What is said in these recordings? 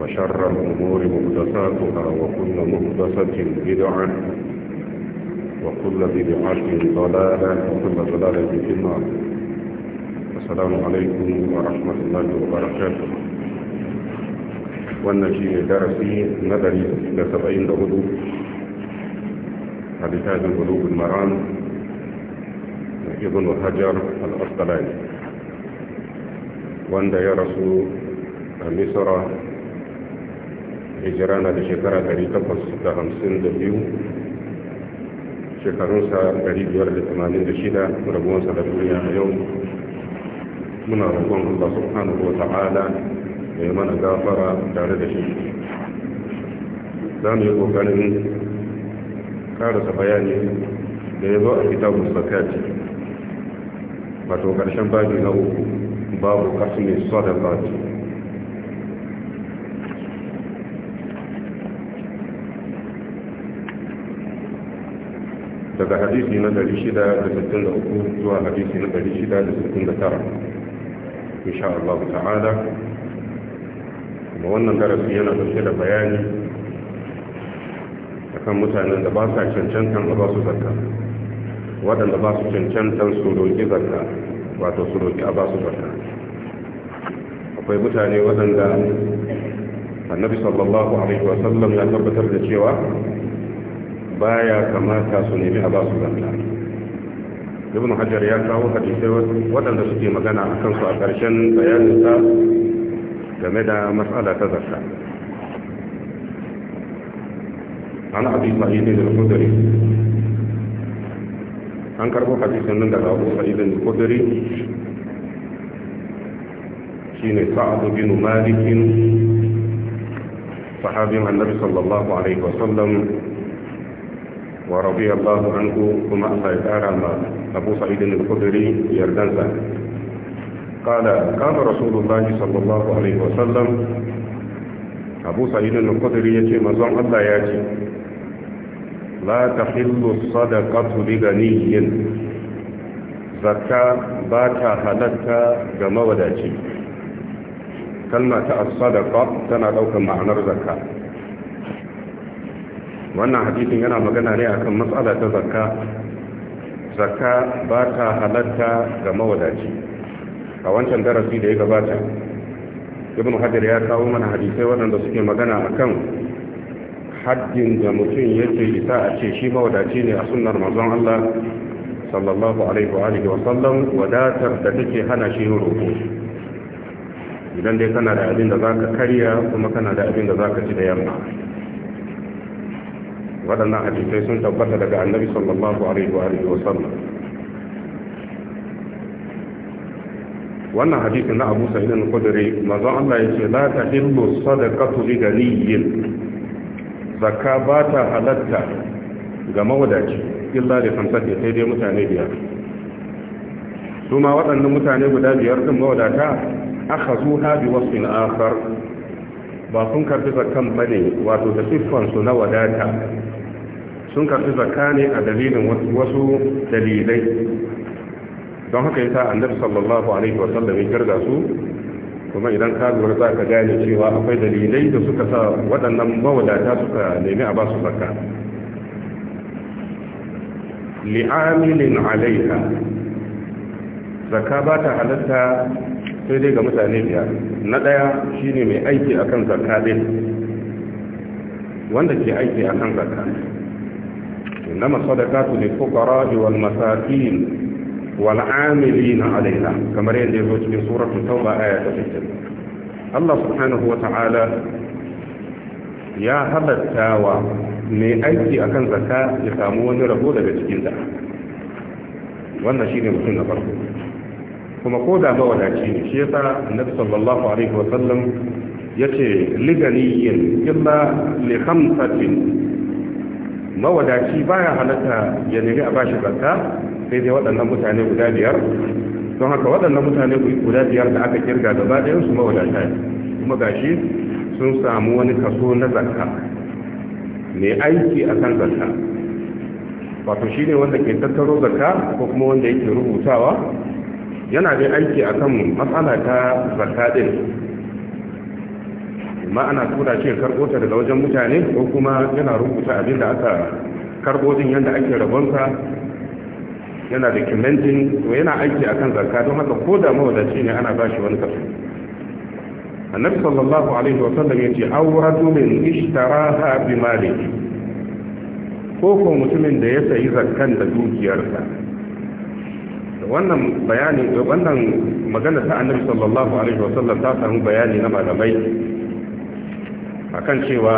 وشر الأمور مهدساتها وكل مهدسة بدعة وكل بدعة ضلالة وكل ضلالة في النار السلام عليكم ورحمة الله وبركاته والنجي درسي ندري إلى سبعين غدو حديث هذا الغدو المران ابن الحجر الأصطلاني وأن يا رسول مصر hijira na da shekara 852 shekarunsa 586 rabuwansa da duniya a yau muna roƙon Allah subhanahu wa ta'ala da yi mana gafara tare da shi za mu yi ƙoƙarin karasa bayani da ya zo a kitabun Ba wato ƙarshen babi na uku babu kasmin sadaqati daga hadisi na 663 zuwa hadisi na 669 insha Allah ta'ala kuma wannan darasi yana dauke da bayani A kan mutanen da ba sa cancantan a ba su zakka waɗanda ba su cancantan su roƙi zakka wato su roƙi a ba su zakka akwai mutane waɗanda annabi sallallahu alaihi wasallam ya tabbatar da cewa baya kamata su nemi a ba su zakka ibn hajar ya kawo hadisai waɗanda suke magana a kansu a ƙarshen bayaninsa game da matsala ta zakka an abi sa'idin da khudri an karbo hadisin nan da abu sa'idin al-khudri shine sa'ad bin malik sahabin annabi sallallahu alaihi wasallam wa rabiya Allah anhu kuma Allah ya kara ma Abu Sa'id al-Khudri yardansa qala kana Rasulullah sallallahu alaihi wasallam Abu Sa'id al-Khudri yace manzon Allah ya ce la tahillu sadaqatu li ganiyyin zakka ba ta halatta ga mawadaci kalma ta as tana ɗaukar ma'anar zakka wannan hadisin yana magana ne akan matsala ta zakka zakka ba ta halatta ga mawadaci a wancan darasi da ya gabata ibn hajar ya kawo mana hadisai waɗanda suke magana akan haddin da mutum yake isa a ce shi mawadaci ne a sunnar manzon Allah sallallahu alaihi wa alihi wasallam wadatar da take hana shi yin roƙo idan dai kana da abin da zaka karya kuma kana da abin da zaka ci da yamma waɗannan hadisai sun tabbata daga annabi sallallahu alaihi wa alihi wasallam wannan hadisin na Abu Sa'id al-Khudri manzon Allah yace la tahillu sadaqatu li ganiyyin zakka ba ta halatta ga mawadaci illa da kamsake sai dai mutane biyar Suma waɗannan mutane guda biyar ɗin mawadata aka zo ha bi wasu ba sun karfi zakkan ba ne wato da siffansu na wadata sun karfi zakka ne a dalilin wasu dalilai don haka yasa annabi sallallahu alaihi wasallam ya girga su kuma idan ka lura za ka gane cewa akwai dalilai da suka sa waɗannan mawadata suka nemi a basu zakka li'amilin alaiha zakka ba ta halatta sai dai ga mutane biyar na ɗaya shine mai aiki akan zakka din wanda ke aiki akan zakka إنما الصدقات للفقراء والمساكين والعاملين عليها كما يقول في سورة التوبة آية 60 الله سبحانه وتعالى ya halattawa mai aiki akan zaka ya samu wani rabo daga cikinta wannan shi ne mutum na farko kuma ko da mawadaci ne shi yasa annabi sallallahu alaihi wa sallam mawadaci baya halatta ya nemi a bashi zakka sai dai waɗannan mutane guda biyar don haka waɗannan mutane guda biyar da aka kirga gaba ɗayan su mawadata ne kuma gashi sun samu wani kaso na zakka mai aiki a kan zakka wato shi ne wanda ke tattaro zakka ko kuma wanda yake rubutawa yana da aiki a kan matsala ta zakka ɗin amma ana tura shi karɓo ta daga wajen mutane ko kuma yana rubuta abin da aka karɓo din yadda ake rabonsa yana da kimantin to yana aiki akan zakka don haka ko da mawadaci ne ana bashi wani kaso annabi sallallahu alaihi wa sallam yace awratu min ishtaraha bi mali ko ko mutumin da ya sayi zakkan da dukiyarsa wannan bayani wannan magana ta annabi sallallahu alaihi wa sallam ta samu bayani na malamai akan cewa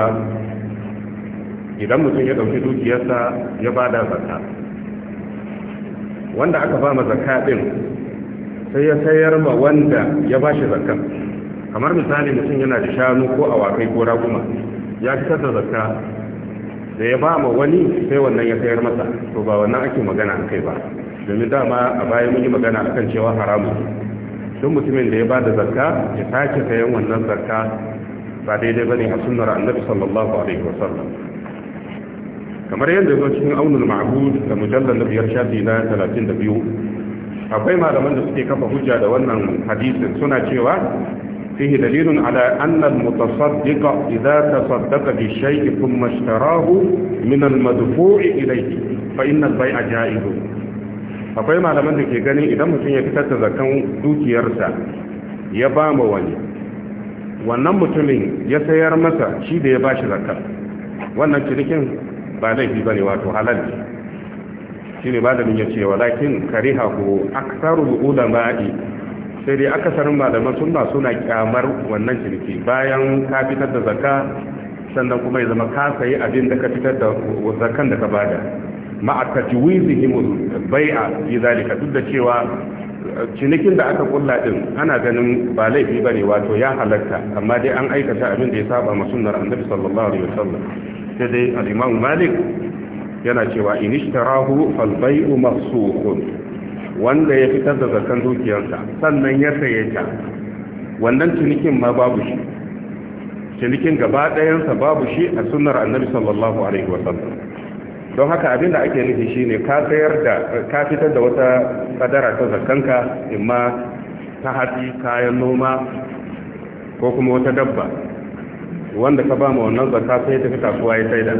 idan mutum ya ɗauki dukiyarsa ya ba da zakka wanda aka ba ma zakka ɗin sai ya sayar ma wanda ya ba shi zakka kamar misali mutum yana da shanu ko awakai ko raguma ya fitar da zakka da ya ba ma wani sai wannan ya sayar masa to ba wannan ake magana a kai ba domin dama a baya mun yi magana akan cewa haramu duk mutumin da ya ba da zakka ya sake sayan wannan zakka ba daidai ba bane a sunnar annabi sallallahu alaihi wasallam kamar yadda zo cikin aunul ma'bud da mujallar na biyar shafi na 32 akwai malaman da suke kafa hujja da wannan hadisin suna cewa fihi dalilun ala anna al-mutasaddiq idza tasaddaqa bi shay'in thumma ishtarahu min al-madfu'i ilayhi fa inna al-bay'a ja'iz akwai malaman da ke ganin idan mutum ya fitar da zakan dukiyarsa ya ba ma wani wannan mutumin ya sayar masa shi da ya ba shi zakar wannan cinikin ba laifi ba ne wato halal ne shi ne malamin ya ce walakin kariha ko aksaru ulama'i sai dai akasarin malaman sunna suna kyamar wannan ciniki bayan ka fitar da zaka sannan kuma ya zama ka sayi abin da ka fitar da zakan da ka bada ma'a tajwizihim bai'a fi zalika duk da cewa cinikin da aka kulla din ana ganin ba laifi ba ne wato ya halatta amma dai an aikata abin da ya saba ma sunnar annabi sallallahu alaihi wasallam sai dai al-imam malik yana cewa in ishtarahu fal bai'u mafsukhun wanda ya fitar da zakan dukiyarsa sannan ya saye ta wannan cinikin ma babu shi cinikin gaba ɗayansa babu shi a sunnar annabi sallallahu alaihi wasallam don haka abin da ake nufi shine ka da ka fitar da wata sadara ta zakanka imma ta hatsi kayan noma ko kuma wata dabba wanda ka ba ma wannan zakka sai ta kuwa ya da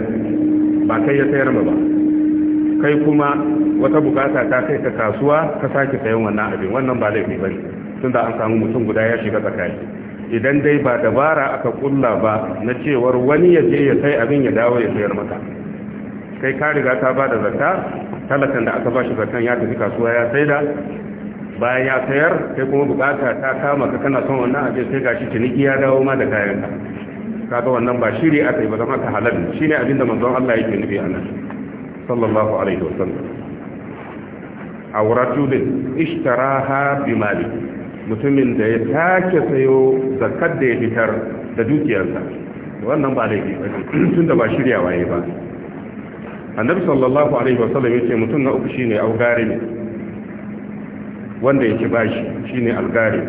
ba kai ya sayar ba kai kuma wata bukata ta kai ka kasuwa ka sake sayan wannan abin wannan ba laifi bane da an samu mutum guda ya shiga tsakani idan dai ba dabara aka kulla ba na cewar wani ya je ya sai abin ya dawo ya sayar maka kai ka riga ka ba da zakka talakan da aka ba shi zakkan ya tafi kasuwa ya saida bayan ya sayar sai kuma bukata ta kama ka kana son wannan abin sai gashi ciniki ya dawo ma da kayan ka kaga wannan ba shiri aka yi ba zama ka halal ne abin da manzon Allah yake nufi a nan sallallahu alaihi wasallam awratulin ishtaraha bi mali mutumin da ya take sayo zakkar da ya fitar da dukiyarsa wannan ba laifi ba tunda ba shiryawa yayi ba annabi sallallahu alaihi wasallam yake mutum na uku shine augari ne wanda yake bashi shine algari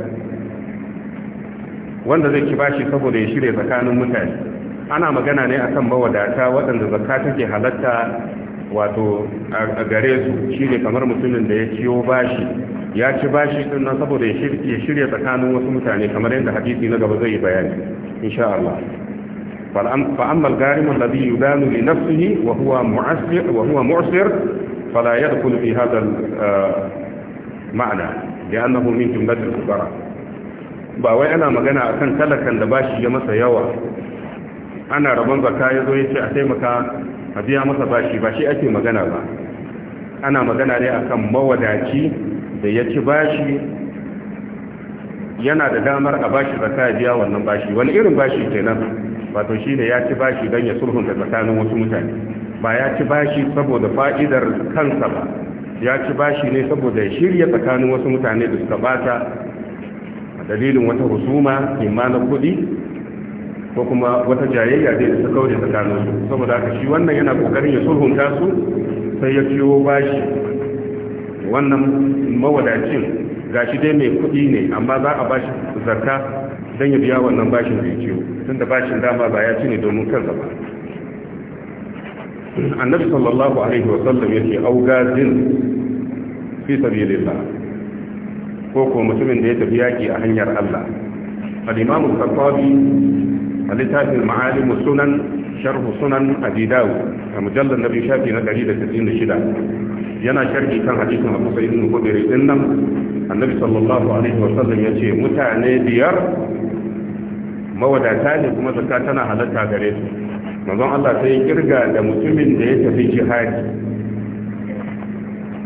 wanda zai ki bashi saboda ya shirye tsakanin mutane ana magana ne akan mawadata waɗanda zakka take halatta wato a gare su shine kamar mutumin da ya ciyo bashi ya ci bashi din saboda ya shirye tsakanin wasu mutane kamar yadda hadisi na gaba zai yi bayani insha Allah فأما الغارم الذي يدان لنفسه وهو معسر وهو معسر فلا يدخل في هذا المعنى لأنه من جملة الفقراء باوي أنا مغنى أكن تلكا لباشي يمسى يوا أنا ربان زكاة يزوي شيء أبيع مسا باشي باشي أتي مغنى با أنا مغنى لي أكن موداتي da ya ci bashi yana da damar a bashi zakaya biya wannan bashi wani irin bashi kenan wato shi ne ya ci bashi don ya sulhunta tsakanin wasu mutane ba ya ci bashi saboda fa'idar kansa ba ya ci bashi ne saboda ya shirya tsakanin wasu mutane da suka bata a dalilin wata husuma imanin kudi kuɗi ko kuma wata jayayya da ta kaure tsakanin su saboda haka shi wannan yana kokarin ya sulhunta su sai ya ciwo bashi wannan mawadacin shi dai mai kuɗi ne amma za a bashi zarka don ya biya wannan bashin da ya ciwo tun da bashin dama ba ya ci ne domin kansa ba annabi sallallahu alaihi wa sallam yake augazin fi sabilillah ko ko mutumin da ya tafi yaki a hanyar Allah al-imam al-qattabi a littafin ma'alim sunan sharh sunan abi dawud a mujallal nabi shafi na 196 yana sharhi kan hadisin Abu Sa'id al-Khudri din nan annabi sallallahu alaihi wa sallam yace mutane biyar mawadata ne kuma zakka tana halatta gare su manzon Allah sai kirga da mutumin da ya tafi jihadi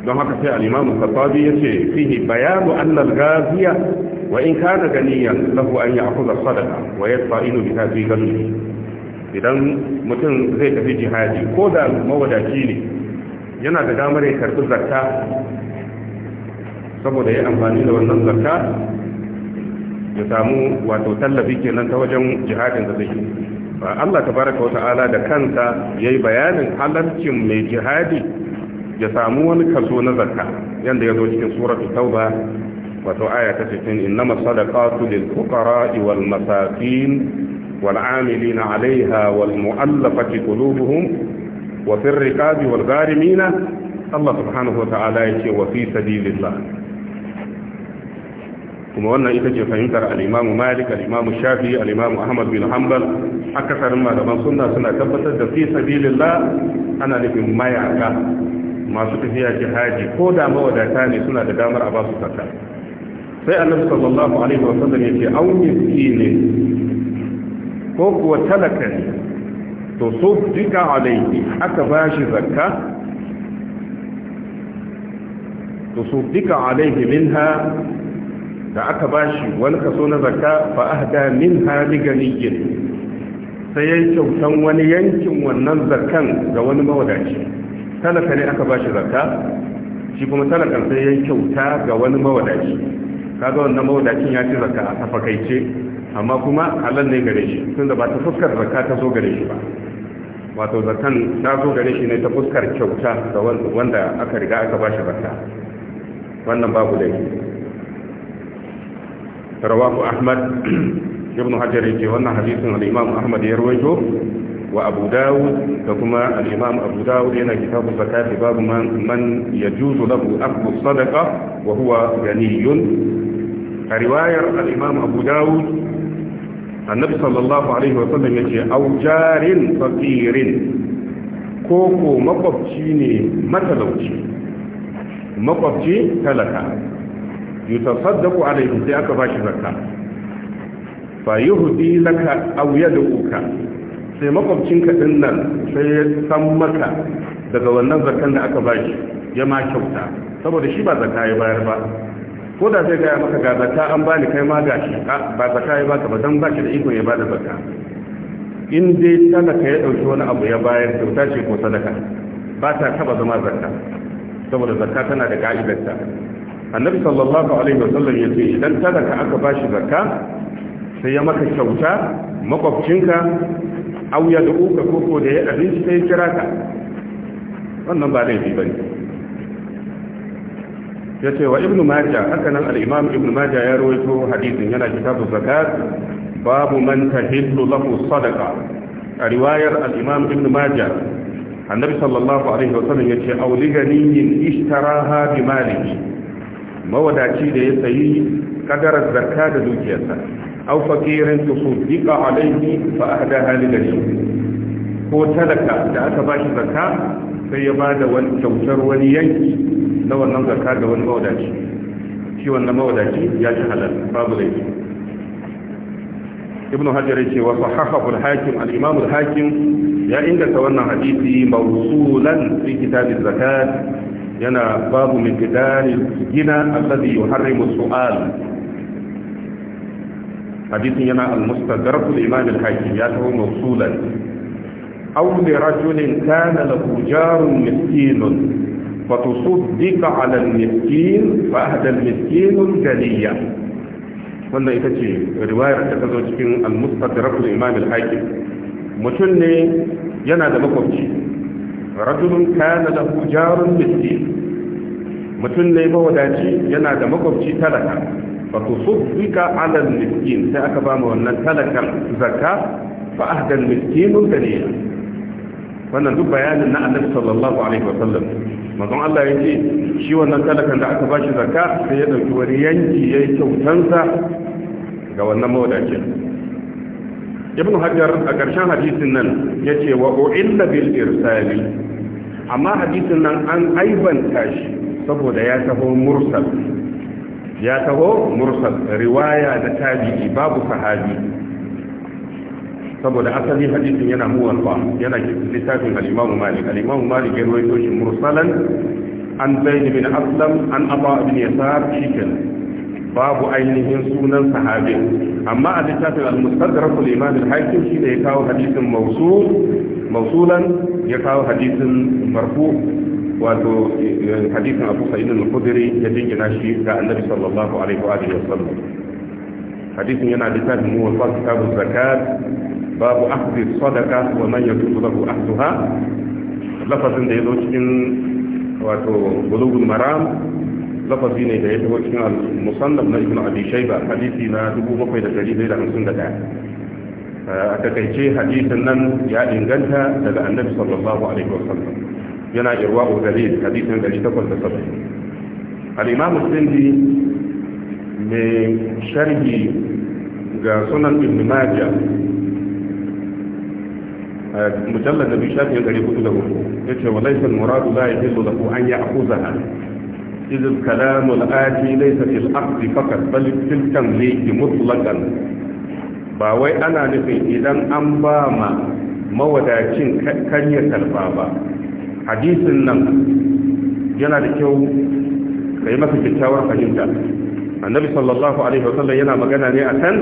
don haka sai al-Imam Khattabi yace fihi bayanu anna al-ghaziya wa in kana ganiyan lahu an ya'khudha sadaqa wa yasta'inu biha fi qalbi idan mutum zai tafi jihadi ko da mawadaci ne yana da damar ya karbi zakka saboda ya amfani da wannan zakka ya samu wato tallafi kenan ta wajen jihadin da zai ba Allah baraka wa ta'ala da kansa yayi bayanin halarcin mai jihadi ya samu wani kaso na zakka yanda zo cikin suratul tauba wato aya ta 60 innama sadaqatu lil fuqara'i wal masakin wal 'amilina 'alayha wal mu'allafati qulubuhum wa fir riqabi wal gharimina Allah subhanahu wa ta'ala yake wa fi sabilillah kuma wannan ita ce fahimtar al'imamu malik al'imamu shafi al'imamu ahmad bin hanbal akasarin malaman sunna suna tabbatar da fi sabilillah ana nufin mayaka masu tafiya jihadi ko da mawadata ne suna da damar a basu sarka sai annabi sallallahu alaihi wasallam ya ce au miskine ko kuwa talaka ne to so dika alaihi aka bashi zakka to so dika alaihi minha da aka bashi wani kaso na zakka fa ahda min hali ganiyyin sai ya kyautan wani yankin wannan zakkan ga wani mawadaci talaka ne aka bashi zakka shi kuma talakan sai ya kyauta ga wani mawadaci kaga wannan mawadacin ya ci zakka a tafakaice amma kuma halal ne gare shi tunda ba ta fuskar zakka ta zo gare shi ba wato zakan ta zo gare shi ne ta fuskar kyauta ga wanda aka riga aka bashi zakka wannan babu laifi رواه أحمد ابن حجر جوانا حديث الإمام أحمد يرويجو وأبو داود ثم الإمام أبو داود هنا كتاب الزكاة باب من, من يجوز له أخذ الصدقة وهو غني رواية الإمام أبو داود النبي صلى الله عليه وسلم يجي أو جار فقير كوكو مقفشيني متلوشي مقفشي تلكا yutasaddaqu alayhi sai aka bashi zakka fa yuhdi laka aw yad'uka sai makwabcinka din nan sai ya san maka daga wannan zakkan da aka bashi ya ma kyauta saboda shi ba zakka ya bayar ba ko da sai gaya maka ga zakka an bani kai ma gashi ah, ba zakka ya baka ba dan baki da iko ya bada zakka in dai talaka ya dauki wani abu ya bayar kyauta ce ko sadaka ba ta taba zama zakka saboda zakka tana da ka'idarta annabi sallallahu alaihi wasallam ya ce idan talaka aka bashi zakka sai ya maka kyauta makwabcinka au ya da'u ka koko da ya abinci sai kira ka wannan ba laifi bane ya ce wa ibnu majah haka nan al-imam ibnu majah ya rawaito hadisin yana kitabu zakat babu man tahillu lahu sadaqa a riwayar al-imam ibnu majah annabi sallallahu alaihi wasallam ya ce auligani ishtaraha bi malihi mawadaci da ya sayi kadarar zakka da dukiyarsa aw fakirin tusaddiqa alayhi fa ahdaha hali gari ko talaka da aka bashi zaka, sai ya ba wani kyautar wani yanki na wannan zakka ga wani mawadaci shi wannan mawadaci ya ci halal babu laifi ibnu hajar yace wa sahahahu al-hakim al-imam hakim ya inganta wannan hadisi mawsulan fi kitab az-zakat yana babu miqdari gina alladhi yuharrimu su'al hadisin yana al-mustadrak al-imam al-hakim ya tawo mawsulan aw li rajulin kana lahu jarun miskinun فتصدق miskin ba, فأهدى miskinun الجلية wanda ita ce riwayar da ta zo cikin al-mustadrak al-imam al-hakim mutum ne yana da makwabci rajulun kana lahu jarun miskin mutum ne mawadaci yana da makwabci talaka fa tusaddika ala miskin sai aka ba mu wannan talakan zakka fa ahda miskinun kaliya wannan duk bayanin na annabi sallallahu alaihi wasallam mazan Allah ya ce shi wannan talakan da aka ba shi zakka sai ya dauki wani yanki yayi kyautansa ga wannan mawadacin ibn hajar a ƙarshen hadisin nan ya ce wa ƙo'illa bil irsali amma hadisin nan an aibanta shi saboda ya taho mursal ya taho mursal riwaya da tabi'i babu sahabi saboda asali hadisin yana ba, yana littafin al-imam malik al-imam malik ya rawaito shi mursalan an zaid bin aslam an aba bin yasar shikin babu ainihin sunan sahabin amma a littafin al-mustadrak al-imam al-hakim shi ne ya kawo hadisin mawsul mawsulan ya kawo hadisin marfu wato eh, hadisin Abu Sa'id al-Khudri ya jingina shi ga Annabi sallallahu alaihi wa alihi wasallam hadisin yana littafin muwaffaq kitabuz zakat babu akhdhi sadaqa wa man yatubu lahu ahdaha lafazin da yazo cikin wato bulugul maram lafazi ne da ya taho cikin musannaf na ibn abi shayba hadisi na 7151 a takaice hadisin nan ya inganta daga annabi sallallahu alaihi wasallam yana irwa dalil hadisin 870 al-imam sindi mai sharhi ga sunan ibn majah mujallad nabi shafi 404 yace wa laysa al-muradu la yahillu lahu an ya'khuzaha إذ الكلام الآتي ليس في الأخذ فقط بل في التمليك مطلقا باوي أنا نفي إذا أنبا ما mawadacin kan ya karba ba hadisin nan yana da kyau ka yi masa kyakkyawar fahimta annabi sallallahu alaihi wasallam yana magana ne akan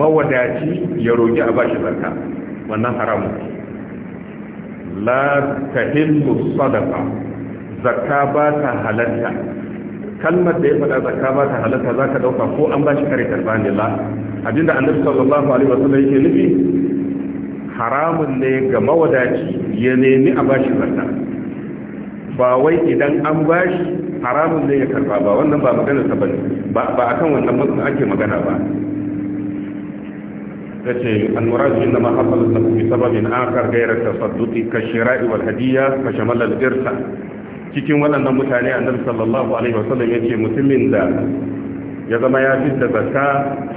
mawadaci ya roki a bashi zakka wannan haramu la tahillu sadaqa zakka ba ta halatta kalmar da ya faɗa zakka ba ta halatta za ka ɗauka ko an ba shi kare karɓa ne la da annabi sallallahu alaihi wasallam yake nufi haramun ne ga mawadaci ya nemi a bashi zakka ba wai idan an bashi haramun ne ya karba ba wannan ba magana ta bane ba ba akan wannan mutum ake magana ba tace an murad inna ma hasala bi sababin akhar ghayra tasadduqi ka shira'i wal hadiyya fa shamala al-irsa cikin waɗannan mutane annabi sallallahu alaihi wasallam ce mutumin da ya zama ya da zakka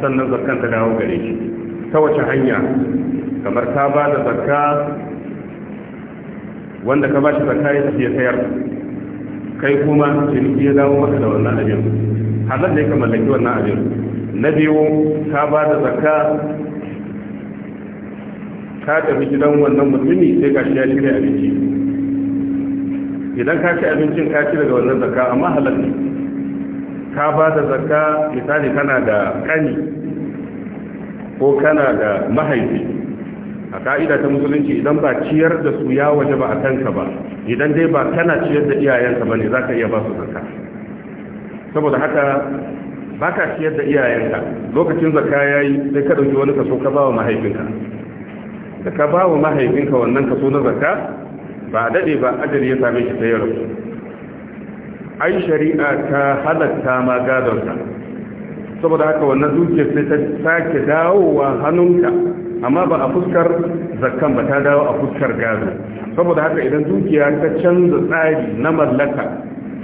sannan zarkan ta dawo gare shi ta wace hanya kamar ta ba da zakka wanda ka ba shi zakka ya tafi sayar kai kuma ciniki ya dawo maka da wannan abin halar da ya mallaki wannan abin na biyu ka ba da zakka ka tafi gidan wannan mutumi sai ka shi ya shirya abinci idan ka ci abincin ka ci daga wannan zakka amma halal ka ba da zakka misali kana da kani ko kana da mahaifi a ka'ida ta musulunci idan ba ciyar da su ya waje ba a kanka ba idan dai ba kana ciyar da iyayenka ba ne za ka iya ba su zakka saboda haka ba ka ciyar da iyayenka lokacin zakka ya yi sai ka ɗauki wani kaso ka ba wa mahaifinka da ka ba wa mahaifinka wannan kaso na zakka ba daɗe ba adari ya same shi ta yaro ai shari'a ta halatta ma gadonsa saboda haka wannan dukiyar sai ta sake dawowa hannunka amma ba a fuskar zakkan ba ta dawo a fuskar gado saboda haka idan dukiya ta canza tsari na mallaka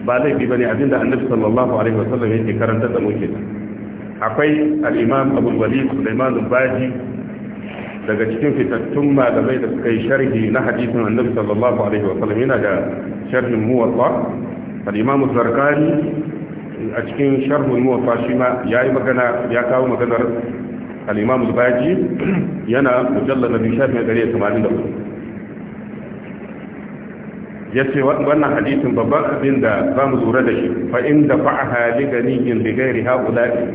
ba laifi bane abinda annabi sallallahu alaihi wasallam yake karanta da muke akwai al-imam abul walid sulaiman al-baji daga cikin fitattun malamai da suka yi sharhi na hadisin annabi sallallahu alaihi wa sallam yana da sharhin muwatta al-imam zarkani a cikin sharhul muwatta shi ma yayi magana ya kawo maganar al-imam al-baji yana mujallad bi shafin 184 yace wannan hadisin babban abin da za mu lura da shi fa in da fa'aha li ganiyin bi ghairi haula'i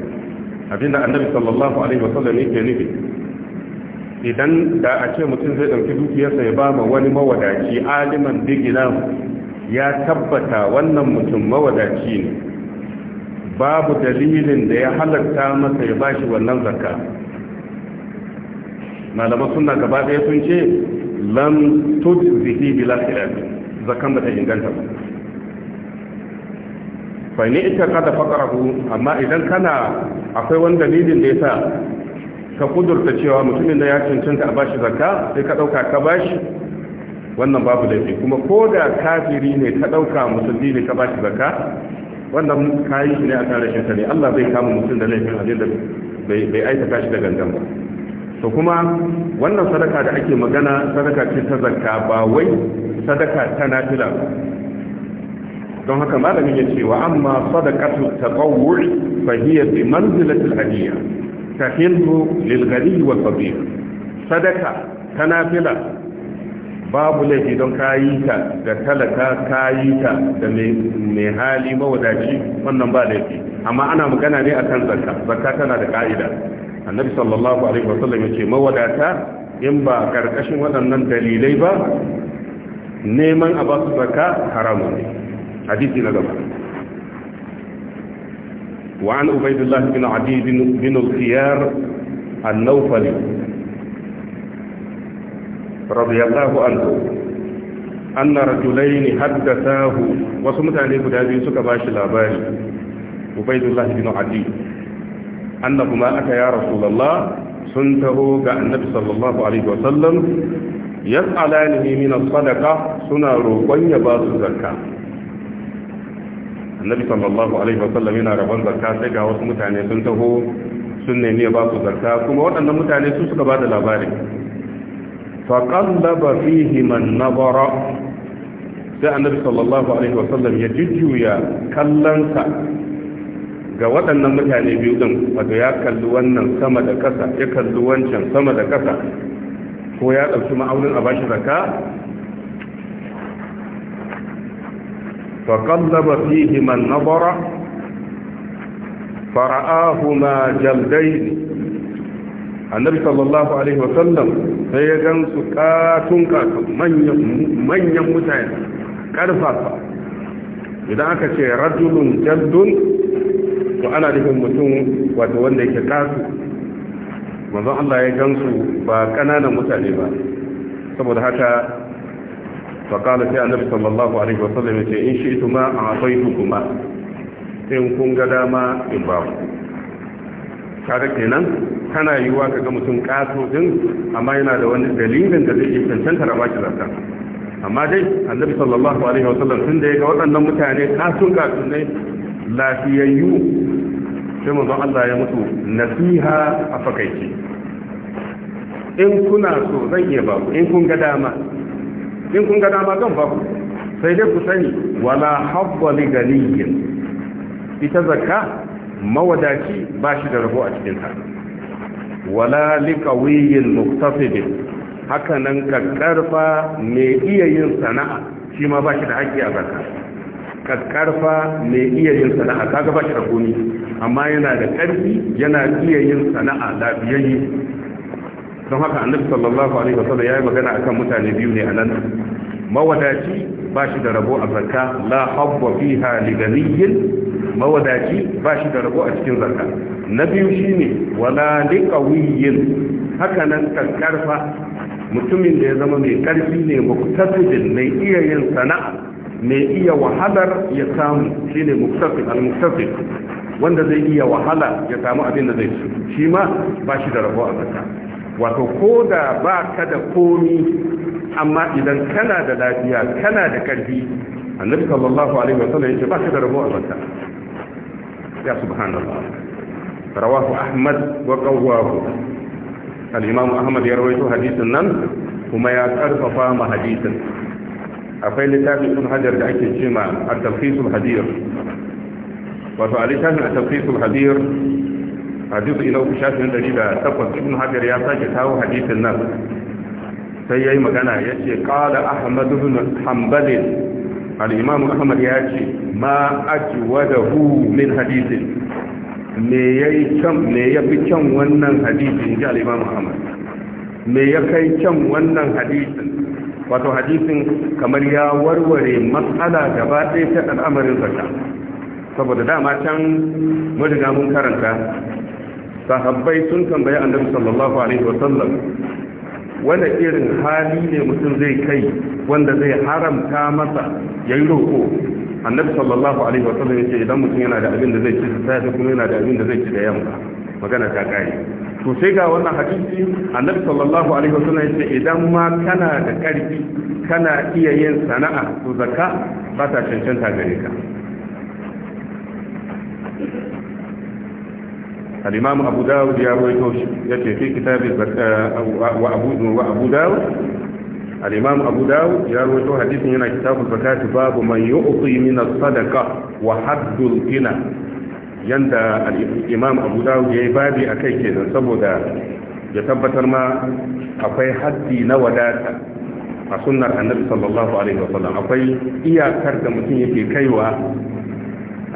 abinda annabi sallallahu alaihi wa sallam yake nufi idan da a ce mutum zai ɗauki dukiyarsa ya ba ma wani mawadaci aliman bigilan ya tabbata wannan mutum mawadaci ne babu dalilin da ya halarta masa ya bashi wannan zakka malaman suna gaba ɗaya sun ce lam tut zihi bila khilafi zakan ta inganta ba fa ni ita kada faqarahu amma idan kana akwai wani dalilin da yasa ka kudurta cewa mutumin da ya cancanta a bashi zakka sai ka ɗauka ka bashi wannan babu laifi kuma ko da kafiri ne ka dauka musulmi ne ka bashi zakka wannan kayi shi ne a kan rashin sani Allah zai kama mutum da laifin abin da bai aikata shi da gangan ba to kuma wannan sadaka da ake magana sadaka ce ta zakka ba wai sadaka ta nafila don haka malamin ya ce wa amma sadaka tatawwu fa hiya bi manzilati hadiyya tahillu lil ghani wal faqir sadaka ta babu laifi don kayi ta da talaka kayi ta da mai hali mawadaci wannan ba laifi amma ana magana ne a kan zakka zakka tana da ƙa'ida. annabi sallallahu alaihi wasallam ya ce mawadata in ba karkashin waɗannan dalilai ba neman a ba su zakka haramun ne hadisi na gaba وعن عبيد الله بن عدي بن الخيار النوفلي رضي الله عنه أن رجلين حدثاه وسمت عليه قدابي سكباش الأباري عبيد الله بن عدي أنهما أتى يا رسول الله سنته قال النبي صلى الله عليه وسلم يسألانه من الصدقة سنة روكوين باس الزكاة annabi sallallahu alaihi wasallam yana rabon zakka sai ga wasu mutane sun taho sun nemi ya ba su zakka kuma waɗannan mutane su suka ba da labarin faƙallaba fihi man nabara sai annabi sallallahu alaihi wasallam ya jujjuya kallonsa ga waɗannan mutane biyu din wato ya kalli wannan sama da ƙasa ya kalli wancan sama da ƙasa ko ya ɗauki ma'aunin a bashi zakka فقلب فيهما النظر فرآهما جلدين annabi sallallahu alaihi wasallam sai ya gan su manyan mutane karfafa idan aka ce rajulun jaldun to ana nufin mutum wato wanda yake kasu manzon Allah ya gansu ba ƙananan mutane ba saboda haka fa qala sai annabi sallallahu alaihi wa sallam yace in shi'tu ma a'taytukuma in kun ga dama in ba ku kaga kenan kana yiwa kaga mutum kaso din amma yana da wani dalilin da zai cancanta da baki zakka amma dai annabi sallallahu alaihi wa sallam tun da ya ga waɗannan mutane kasun kasun ne lafiyayyu sai manzon Allah ya mutu nasiha a fakaice in kuna so zan iya ba in kun ga dama in kun ga dama zan ba sai dai ku sani wala habba li ita zakka mawadaci ba shi da rabo a cikinta. ta wala li qawiyin haka nan ƙaƙƙarfa mai iya yin sana'a shi ma ba shi da haƙƙi a zakka Ƙaƙƙarfa mai iya yin sana'a kaga ba shi da komi amma yana da ƙarfi yana iya yin sana'a lafiyayye don haka annabi sallallahu alaihi wasallam yayi magana akan mutane biyu ne anan mawadaci ba shi da rabo a zakka la habba fiha li ganiyyin mawadaci ba shi da rabo a cikin zakka na biyu shine wala li qawiyyin haka nan kankarfa mutumin da ya zama mai karfi ne muktasibin mai iya yin sana'a mai iya wahalar ya samu shine muktasib al muktasib wanda zai iya wahala ya samu abin da zai ci shi ma ba shi da rabo a zakka wato ko da ba ka da komi amma idan kana da lafiya kana da karfi annabi sallallahu alaihi wa sallam yace ba ka da rabo a zakka ya subhanallah rawahu ahmad wa qawwahu al-imam ahmad ya rawaito hadisin nan kuma ya karfafa ma hadisin akwai littafin ibn hajar da ake cewa a tafsir al-hadir wato a littafin a tafsir al-hadir hadisi ila uku shafin dari da takwas ibn hajar ya sake kawo hadisin nan sai yayi magana yace qala ahmad ibn hanbal al-imam ahmad ya ce ma ajwadahu min hadisin me yayi fi me can wannan hadisin ji al-imam ahmad me ya kai can wannan hadisin wato hadisin kamar ya warware matsala gaba ɗaya ta al'amarin zaka saboda dama can riga mun karanta sahabbai sun tambayi annabi sallallahu alaihi wasallam wanda irin hali ne mutum zai kai wanda zai haramta masa yayi roko annabi sallallahu alaihi wasallam ce idan mutum yana da abin da zai ci sai ya kuma yana da abin da zai ci da yamma magana ta kai to sai ga wannan hadisi annabi sallallahu alaihi wasallam ce idan ma kana da karfi kana iya yin sana'a to zakka ba ta cancanta gare ka Alimamu abu dawud ya rawaito shi ce fi kitabi wa abu wa abu dawud al-imam abu dawud ya rawaito hadisin yana kitabul zakat babu man yu'ti min as sadaka wa haddul ghina yanda al-imam abu dawud yi babi a kai ke nan saboda ya tabbatar ma akwai haddi na wadata a sunnar annabi sallallahu alaihi wasallam akwai iyakar da mutum yake kaiwa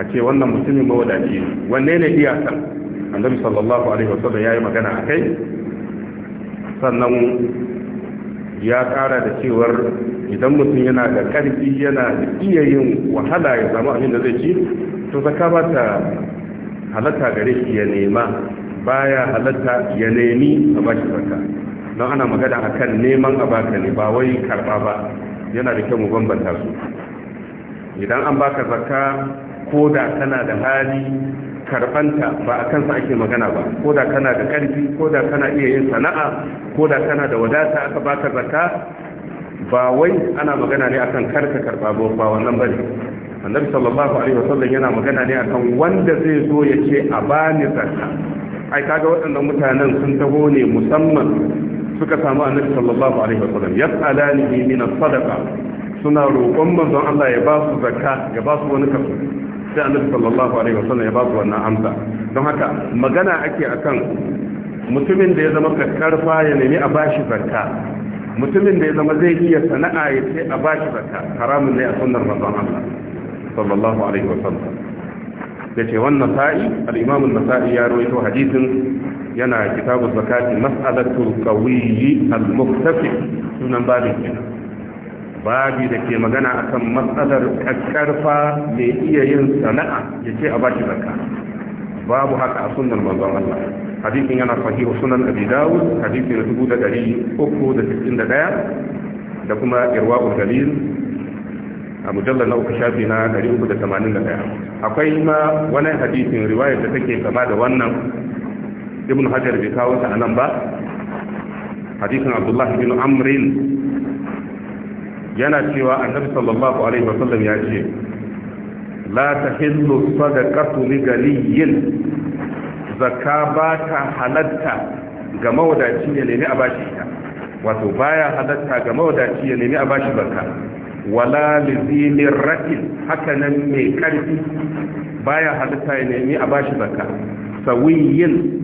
a ce wannan mutumin mawadaci wanne ne iyakar annabi sallallahu alaihi wasallam yayi magana akai sannan ya kara da cewar idan mutum yana da karfi yana da iya yin wahala ya samu abin da zai ci to zaka ba ta halatta gare shi ya nema baya halatta ya nemi a shi zaka don ana magana akan neman a baka ne ba wai karba ba yana da kyau mu bambanta su idan an baka zakka ko da kana da hali karbanta ba a kansa ake magana ba ko da kana da ƙarfi ko da kana iya yin sana'a ko da kana da wadata aka baka zakka ba wai ana magana ne akan karka karba ba ba wannan bane annabi sallallahu alaihi wasallam yana magana ne akan wanda zai zo ya ce a bani zakka ai kaga waɗannan mutanen sun taho ne musamman suka samu annabi sallallahu alaihi wasallam yas'alani min as-sadaqa suna roƙon manzon Allah ya ba su zakka ya ba su wani kaso sai annabi sallallahu alaihi wasallam ya ba su wannan amsa don haka magana ake akan mutumin da ya zama karfa ya nemi a bashi zakka mutumin da ya zama zai iya sana'a ya sai a bashi zakka haramun ne a sunnar manzon Allah sallallahu alaihi wasallam da ce wannan sa'i al-imam an-nasa'i ya rawaito hadisin yana kitabu zakati mas'alatu qawiyyi al-muktafi sunan babin kenan babi da ke magana akan matsalar kakkarfa mai iya yin sana'a ya ce a bashi zakka babu haka a sunan manzon Allah hadisin yana sahihu sunan abi dawud hadisi na dubu da dari uku da sittin da ɗaya da kuma irwa'ul dalil a mujallar na uku shafi na dari uku da tamanin da ɗaya. akwai ma wani hadisin riwaya da take kama da wannan ibn hajar bai kawo ta a nan ba hadisin abdullahi bin amrin yana cewa annabi sallallahu alaihi sallam ya ce la tahillu sadaqatu li galiyyin zakka ba ta halatta ga mawadaci ya nemi a bashi ta wato baya halatta ga mawadaci ya nemi a bashi zakka wala zinir rakil haka nan mai karfi baya halatta ya nemi a bashi zakka sawiyin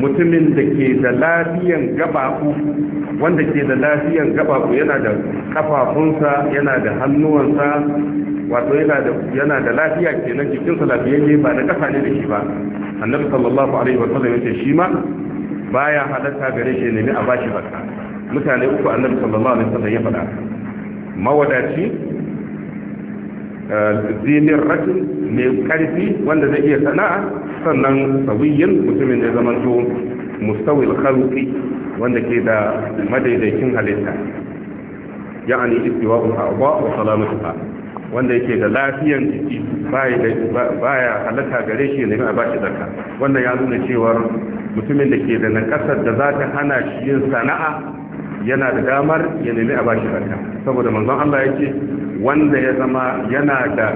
mutumin da ke da lafiyan gabaku wanda ke da lafiyan gabaku yana da kafafunsa yana da hannuwansa wato yana da lafiya ke lafiya kenan jikinsa lafiyayye ba da kafa ne da shi ba annabi sallallahu alaihi wa sallam yace shi ma baya halatta gare shi nemi a bashi barka mutane uku annabi sallallahu alaihi wa sallam ya faɗa mawadaci zinin rakin mai karfi wanda zai iya sana'a sannan sawiyin mutumin da zama to mustawil khalqi wanda ke da madaidaicin halitta ya'ani istiwa'ul a'dha wa salamatuha wanda yake da lafiyan jiki baya halaka gare shi ne a bashi zakka wannan ya nuna cewar mutumin da ke da nakasar da za ta hana shi yin sana'a yana da damar ya nemi a bashi zakka saboda manzon Allah yake wanda ya zama yana da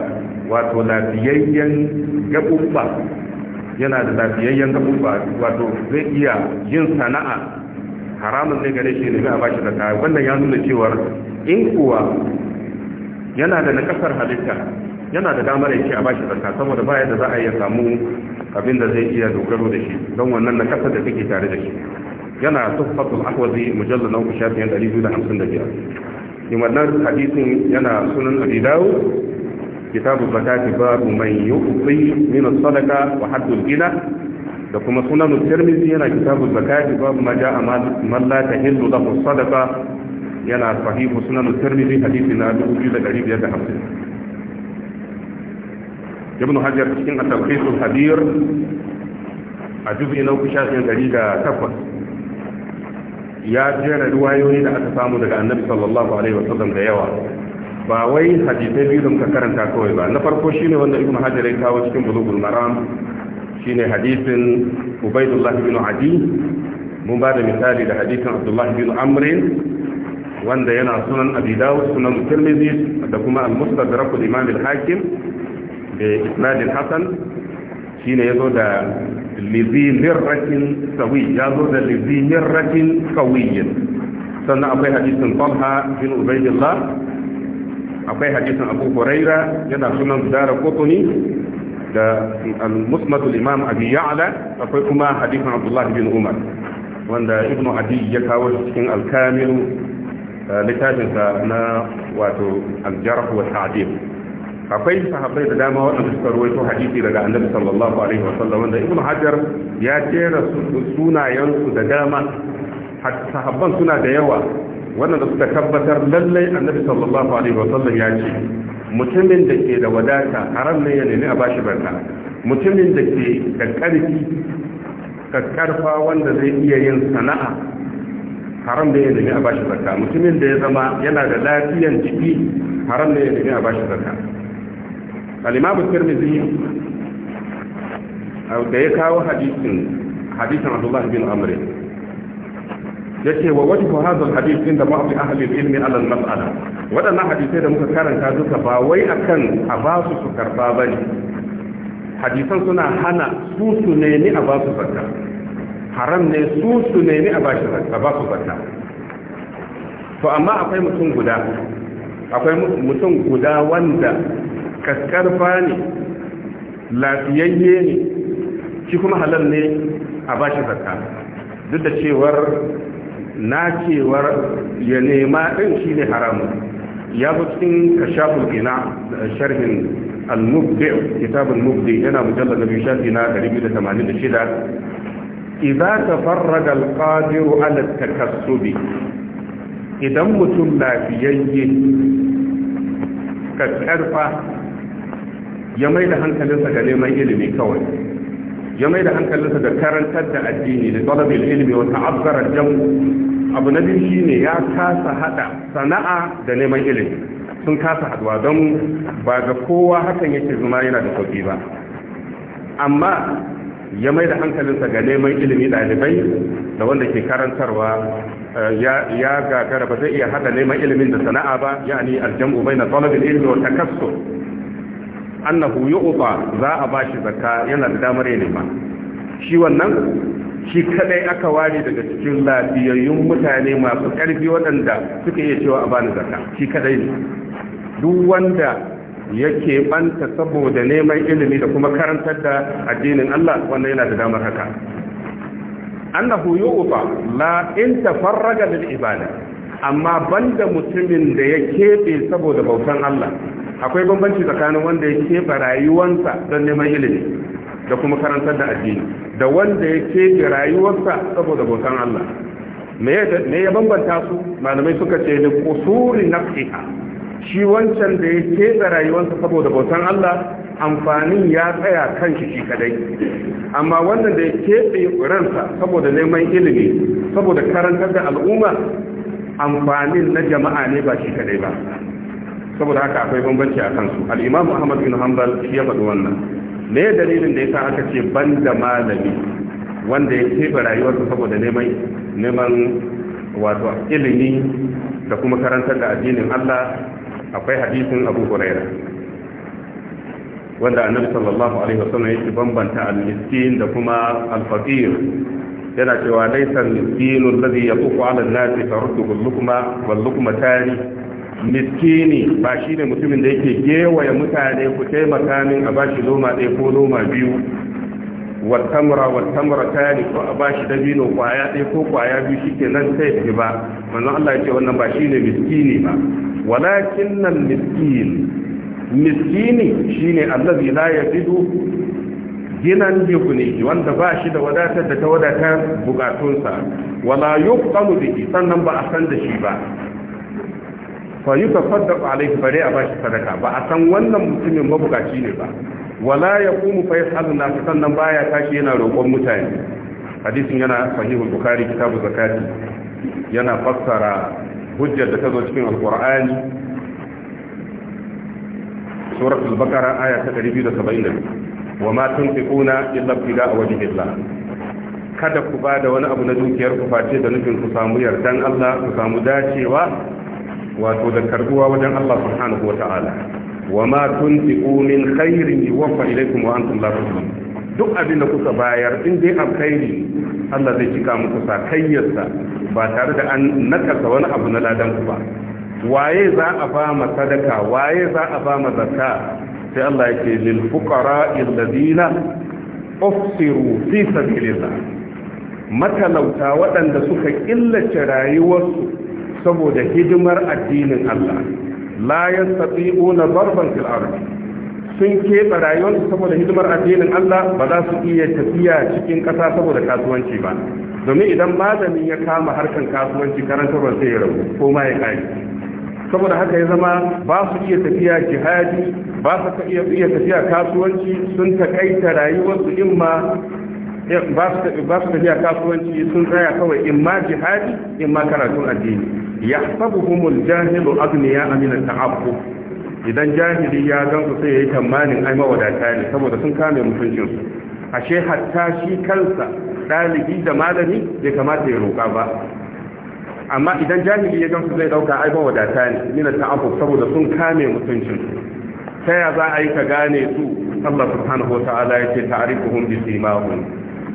wato lafiyayyen gabubba yana da lafiyayyen gabubba wato zai iya yin sana'a haramun ne gane shi ne a bashi da kaya wannan ya nuna cewar in kuwa yana da nakasar halitta yana da damar yake a bashi zakka saboda baya da za a iya samu abin da zai iya dogaro da shi don wannan nakasar da take tare da shi yana tuffatul ahwazi mujallal na 255 in wannan hadisin yana sunan abi kitabun kitabu zakati babu man yuqti min sadaka sadaqa wa haddul ghina da kuma sunan tirmidhi yana kitabun zakati babu maja a man la tahillu lahu sadaqa yana sahihu sunan tirmidhi hadisi na 2550 ibn hajar cikin at-tafsir al-hadir a juz'i na 3 shafin 108 ya jera ruwayoyi da aka samu daga annabi sallallahu alaihi wasallam da yawa ba wai hadisai biyu da muka karanta kawai ba na farko shine wanda ibnu hajar ya kawo cikin bulugul maram shine hadisin ubaydullah bin adi mun ba da misali da hadisin abdullah bin amr wanda yana sunan abi dawud sunan tirmidhi da kuma al-mustadrak al-imam al-hakim da isnadin hasan shine yazo da lizi mirratin sawi ya zo da lizi mirratin sawiyin sannan akwai hadisin talha bin ubaidillah akwai hadisin abu huraira yana sunan dara kotuni da al-musnadul imam abi ya'la akwai kuma hadisin abdullah bin umar wanda ibnu adi ya kawo cikin al-kamil littafinsa na wato al-jarh wa ta'dil akwai sahabbai da dama waɗanda suka rawaito hadisi daga annabi sallallahu alaihi wasallam wanda ibnu hajar ya jera sunayensu da dama sahabban suna da yawa waɗanda suka tabbatar lallai annabi sallallahu alaihi wasallam ya ce mutumin da ke da wadata haram ne ya nemi a bashi barka mutumin da ke da ƙarfi kakkarfa wanda zai iya yin sana'a haram ne ya nemi a bashi zakka mutumin da ya zama yana da lafiyan jiki haram ne ya nemi a bashi zakka al-imam tirmidhi da ya kawo hadisin hadisin abdullah bin amr yace wa wajhu hadha al-hadith inda ba'd ahli al-ilm ala al-mas'ala wadannan hadisai da muka karanta duka ba wai akan a ba su su karba bane hadisan suna hana su su nemi a ba su zakka haram ne su su nemi a ba su zakka to amma akwai mutum guda akwai mutum guda wanda kaskarfa ne lafiyayye ne shi kuma halar ne a bashi zakka duk da cewar na cewar ya nema ɗin shi ne haramun ya zo cikin kashafin gina sharhin al-mubdi kitabun mubdi yana mujallar na biyu shafi na 286 idza tafarraga al-qadiru ala takassubi idan mutum lafiyayye ka karfa ya mai da hankalinsa ga neman ilimi kawai ya mai da hankalinsa da karantar da addini da talabil ilimi wa ta'azzara jam abu na biyu shine ya kasa hada sana'a da neman ilimi sun kasa haduwa don ba ga kowa hakan yake zuma yana da sauki ba amma ya mai da hankalinsa ga neman ilimi ɗalibai da wanda ke karantarwa eh, ya gagara ba zai iya hada neman ilimin da sana'a ba yani aljam'u bai na ilmi ilimi wa takassur annahu yu'ta za a bashi zakka yana da damar ya nema shi wannan shi kadai aka ware daga cikin lafiyayyun mutane masu karfi waɗanda suka iya cewa a bani zakka shi kadai ne duk wanda yake banta saboda neman ilimi da kuma karantar da addinin Allah wannan yana da damar haka annahu yu'ta la in tafarraga lil ibada amma banda mutumin da ya kebe saboda bautan Allah akwai bambanci tsakanin wanda ya keɓe rayuwarsa don neman ilimi da kuma karantar da addini da wanda ya keɓe rayuwarsa saboda bautan Allah me ya bambanta su malamai suka ce da kusuri nafsiha shi wancan da ya keɓe rayuwarsa saboda bautan Allah amfanin ya tsaya kan shi shi kadai amma wannan da ya keɓe ransa saboda neman ilimi saboda karantar da al'umma amfanin na jama'a ne ba shi kadai ba saboda haka akwai bambanci a kansu al-imam ahmad bin hanbal shi ya faɗi wannan me dalilin da yasa aka ce ban da malami wanda ya keɓe rayuwarsa saboda neman neman wato ilimi da kuma karantar da addinin Allah akwai hadisin Abu Huraira wanda annabi sallallahu alaihi wasallam yake bambanta al-miskin da kuma al-faqir yana cewa laysa al-miskinu alladhi yaququ 'ala an-nasi al-lukma wal-lukma tari miskini ba shi ne mutumin da yake gewaye mutane ku taimaka min a bashi noma ɗaya ko noma biyu watamura watamura wa tamra ko a bashi dabino kwaya ɗaya ko kwaya biyu shi ke nan sai tafi ba manzon Allah ya ce wannan ba shi ne miskini ba walakin nan miskin miskini Allah zai laye fito ginan yughni wanda ba shi da wadatar da ta wadatar bukatunsa wala yuqamu bihi sannan ba a san da shi ba fa yi fadda alaihi bare a bashi sadaka ba a san wannan mutumin mabukaci ne ba wala ya kuma fa yas'alu nas sannan baya tashi yana roƙon mutane hadisin yana sahihul bukhari kitabu zakati yana fassara hujjar da ta zo cikin alqur'ani suratul baqara aya ta 272 wa ma tunfiquna illa ibtida'a wajhillah kada ku ba da wani abu na dukiyar ku face da nufin ku samu yardan Allah ku samu dacewa wato da karbuwa wajen Allah subhanahu wata'ala wa ma tunfiqu min khairin yuwaffa ilaykum wa antum la tuzlamun duk abin da kuka bayar in dai alkhairi Allah zai cika muku sakayyarsa ba tare da an nakasa wani abu na ladan ku ba waye za a ba ma sadaka waye za a ba ma zakka sai Allah yake lil fuqara alladhina ufsiru fi sabilillah matalauta waɗanda suka killace rayuwarsu saboda hidimar addinin Allah la yastati'una darban fil ardi sun keɓe rayuwarsu saboda hidimar addinin Allah ba za su iya tafiya cikin ƙasa saboda kasuwanci ba domin idan malamin ya kama harkan kasuwanci karantarwar sai ya rabu ko ma ya kai saboda haka ya zama ba su iya tafiya jihadi ba su iya tafiya kasuwanci sun takaita rayuwarsu ma ba su tafiya kasuwanci sun tsaya kawai in ma jihadi in ma karatun addini Ya sabu yahsabuhumul jahilu aghniya min at-ta'affuf idan jahili ya gansu sai ya yi tamanin ai mawadata ne saboda sun kame mutuncinsu su ashe hatta shi kansa dalibi da malami bai kamata ya roƙa ba amma idan jahili ya gansu zai dauka ai mawadata ne min at saboda sun kame mutuncinsu ta ya za a yi ka gane su Allah subhanahu wa ta'ala yake ta'rifuhum bi simahum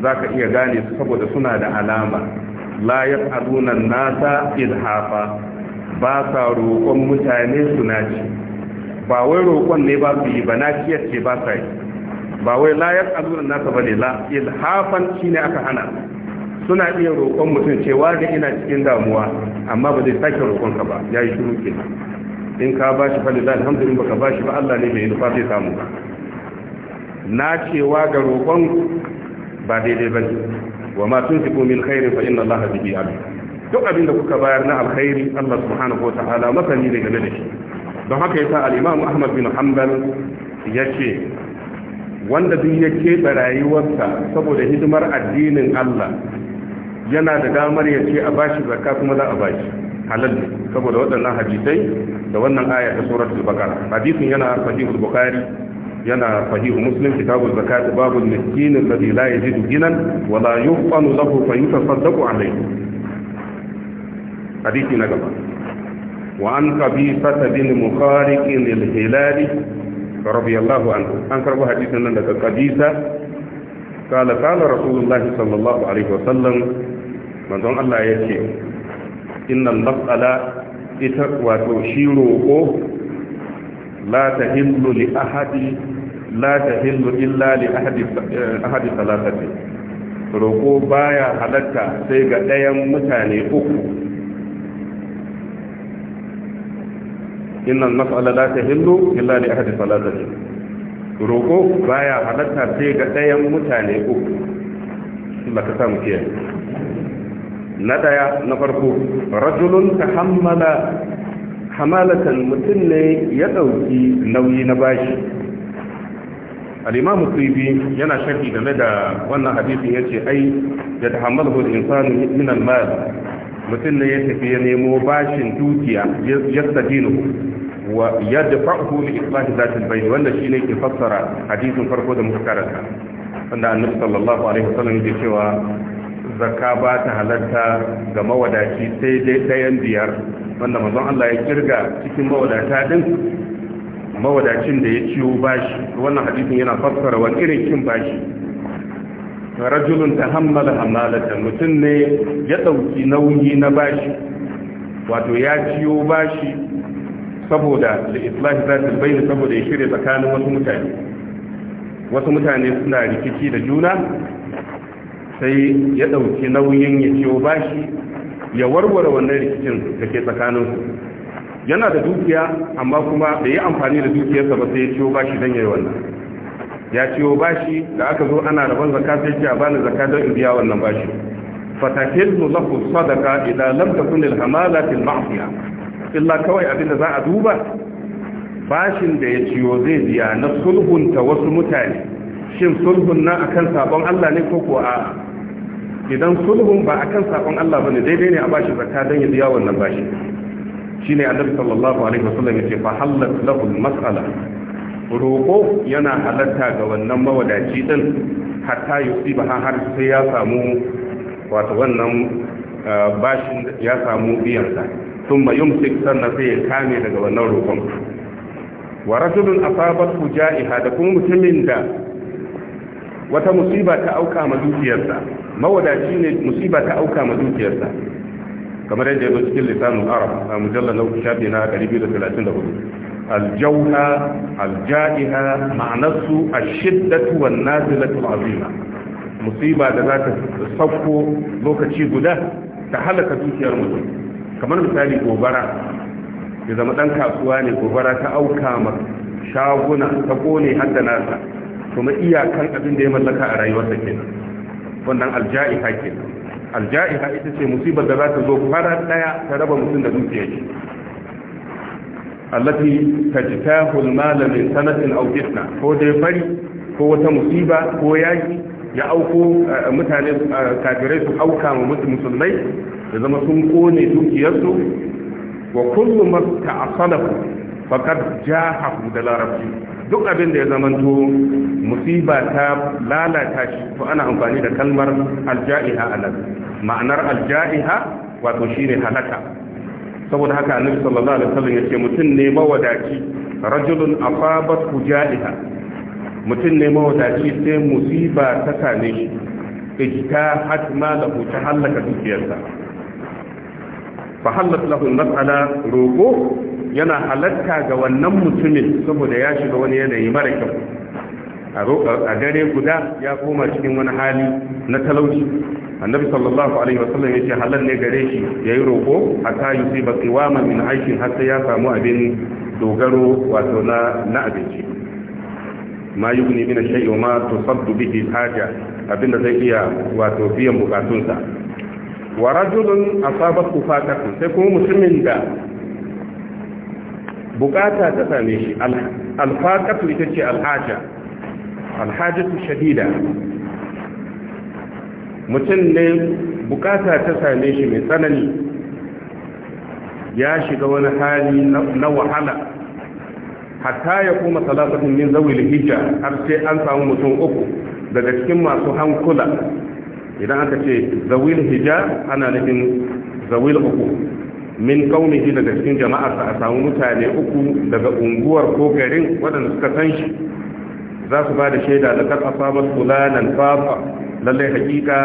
ka iya gane su saboda suna da alama la yaqaduna nasa ilhafa ba sa roƙon mutane su naci ba wai roƙon ne ba su yi ba naciyar ce ba sa yi ba wai la yaqaduna nasa ne la ilhafan shine aka hana suna iya roƙon mutum cewa da ina cikin damuwa amma ba zai sake roƙon ka ba yi shiru kenan in ka ba shi fa lillahi alhamdulillah baka shi ba Allah ne bai nufa zai samu ba na cewa ga roƙon ba daidai ba ne wa ma tunfiqu kairin khairin fa inna allaha duk abin da kuka bayar na alkhairi Allah subhanahu wa ta'ala masani ne game da shi don haka yasa al-Imam Ahmad bin Hanbal yace wanda duk ya keɓe rayuwarsa saboda hidimar addinin Allah yana da damar ya ce a bashi zakka kuma za a bashi halal ne saboda waɗannan hadisai da wannan aya ta suratul baqara hadisin yana sahihul bukhari yana sahihu muslim kitabul zakat babul miskin alladhi la yajidu ginan wa la yuqanu lahu fa yutasaddaqu alayhi Hadithi na gaba wa an qabisa bin mukhariq al-hilali radiyallahu anhu an karbo hadisin nan daga qabisa قال قال رسول sallallahu alaihi wa sallam. وسلم manzon Allah ya ce innan mas'ala ita wato shi roƙo la tahillu li illa li ahadi ahadi salatati roko baya halatta sai ga ɗayan mutane uku inna mas'ala la tahillu illa li ahadi salatati roko baya halatta sai ga ɗayan mutane uku Allah samu kiyaye na ɗaya, na farko rajulun tahammala hamalatan mutum ne ya ɗauki nauyi na bashi al'imamu tsibi yana shafi game da wannan hadisin ya ce ai ya ta hamalhu insanu min al-mal mutum ne ya tafi ya nemo bashin dukiya ya sadinu wa ya dafa'u li islahi zatil bayni wanda ne ke fassara hadisin farko da muka karanta wanda annabi sallallahu alaihi wasallam yake cewa zakka ba ta halarta ga mawadaci sai dai ɗayan biyar wanda mazan Allah ya kirga cikin mawadata ɗin mawadacin da ya ciwo bashi wannan hadisin yana fassara wani irin kin bashi rajulun ta hammala hamalatan mutum ne ya ɗauki nauyi na bashi wato ya ciwo bashi saboda da islahi za ta bayyana saboda ya shirya tsakanin wasu mutane wasu mutane suna rikici da juna sai ya ɗauki nauyin ya ciwo bashi ya warware wannan rikicin da ke tsakaninsu yana da dukiya amma kuma da yi amfani da dukiyarsa ba sai ya ciwo bashi don ya yi wannan ya ciwo bashi da aka zo ana rabon zaka sai ce a bani zaka don in biya wannan bashi fatakilnu lahu sadaka idan lam takun hamala fil ma'siya illa kawai abin da za a duba bashin da ya ciwo zai biya na sulhunta wasu mutane shin sulhun na akan sabon Allah ne ko ko a'a idan sulhun ba a kan sakon Allah bane daidai ne a bashi zakka don ya biya wannan bashi Shi ne annabi sallallahu alaihi wasallam ce fa halat lahu mas'ala roko yana halatta ga wannan mawadaci din hatta yusiba har sai ya samu wato wannan bashin ya samu biyan sa thumma yumsik sannan sai ya kame daga wannan roƙon wa rajulun asabatu ja'iha da kuma mutumin da wata musiba ta auka ma dukiyarsa mawadaci ne musiba ta auka ma dukiyarsa kamar yadda ya cikin lisanin arab a mujallar na shafi na 234 aljauha aljaiha ma'anarsu a shiddatu wa nazilatu azima musiba da za ta sauko lokaci guda ta halaka dukiyar mutum kamar misali gobara ya zama dan kasuwa ne gobara ta auka ma shaguna ta kone hadda nasa kuma iyakan abin da ya mallaka a rayuwarsa kenan wannan alja'iha ke alja'iha ita ce musibar da za ta zo fara daya ta raba mutum da dukiya ce allati tajtahu almala min sanatin aw fitna ko dai fari ko wata musiba ko yaki ya auko eh, mutane eh, kafirai su auka ma musulmai da zama sun kone dukiyarsu wa kullu ma ta'asalahu faqad jahahu da larabci duk abin da ya zamanto musiba ta lalata shi to ana amfani da kalmar alja'iha alal ma'anar alja'iha wato shine halaka saboda haka annabi sallallahu alaihi wasallam yace mutum ne mawadaci rajulun afabat huja'iha mutum ne mawadaci sai musiba ta same shi ijtahat ma lahu ta halaka dukiyarsa fa halat lahu mas'ala roko yana halatta ga wannan mutumin saboda ya shiga wani yanayi mara kyau a dare guda ya koma cikin wani hali na talauci annabi sallallahu alaihi wasallam yace halal ne gare shi yayi roko hatta yusiba qiwama min aikin har sai ya samu abin dogaro wato na na abinci ma yugni min shay'i ma tusaddu bihi haja abinda zai iya wato biyan bukatunsa wa rajulun asabat kufatatu sai kuma mutumin da bukata ta same shi alfaqatu ita ce alhaja alhajatu shadida mutum ne bukata ta same shi mai tsanani ya shiga wani hali na wahala hatta ya kuma salatatun min zawil hijja har sai an samu mutum uku daga cikin masu hankula idan aka ce zawil hijab ana nufin zawil uku min kaunihi daga cikin jama'arsa a samu mutane uku daga unguwar ko garin waɗanda suka san shi za su ba da shaida da kan asabar fulanan fafa lallai hakika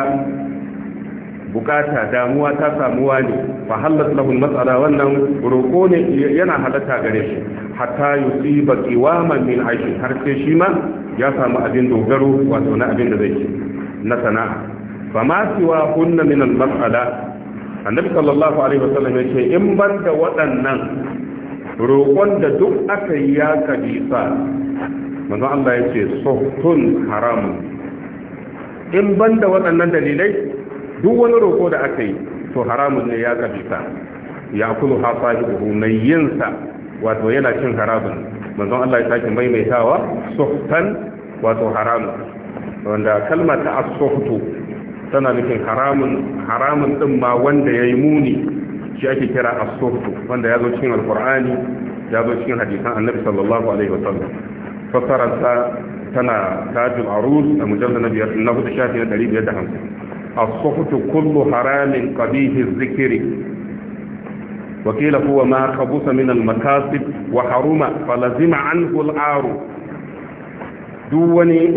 bukata damuwa ta samuwa ne fa hallat lahul mas'ala wannan roko ne yana halatta gare shi hatta yusiba qiwaman min aishi har sai shi ma ya samu abin dogaro wato na abin da zai ci na sana'a fama siwa hunna min al-mas'ala annabi sallallahu alaihi wasallam yace in ban da waɗannan roƙon da duk aka yi ya kabisa manzo Allah yace suhtun haramun in ban da waɗannan dalilai duk wani roƙo da aka yi to haramun ne ya kabisa ya kulu ha sahibu mai yinsa wato yana cin haramun manzo Allah ya sake maimaitawa suhtan wato haramun wanda kalmar ta as-suhtu tana nufin haramun haramun din ma wanda yayi muni shi ake kira as-sufu wanda ya zo cikin alkur'ani ya zo cikin hadisan annabi sallallahu alaihi wa wasallam fasararsa tana tajul arus da mujallar na biyar na hudu shafi na ɗari biyar da hamsin as-sufu kullu haramin qabihi zikiri وقيل هو ما خبث من المكاسب وحرم فلزم عنه العار duk wani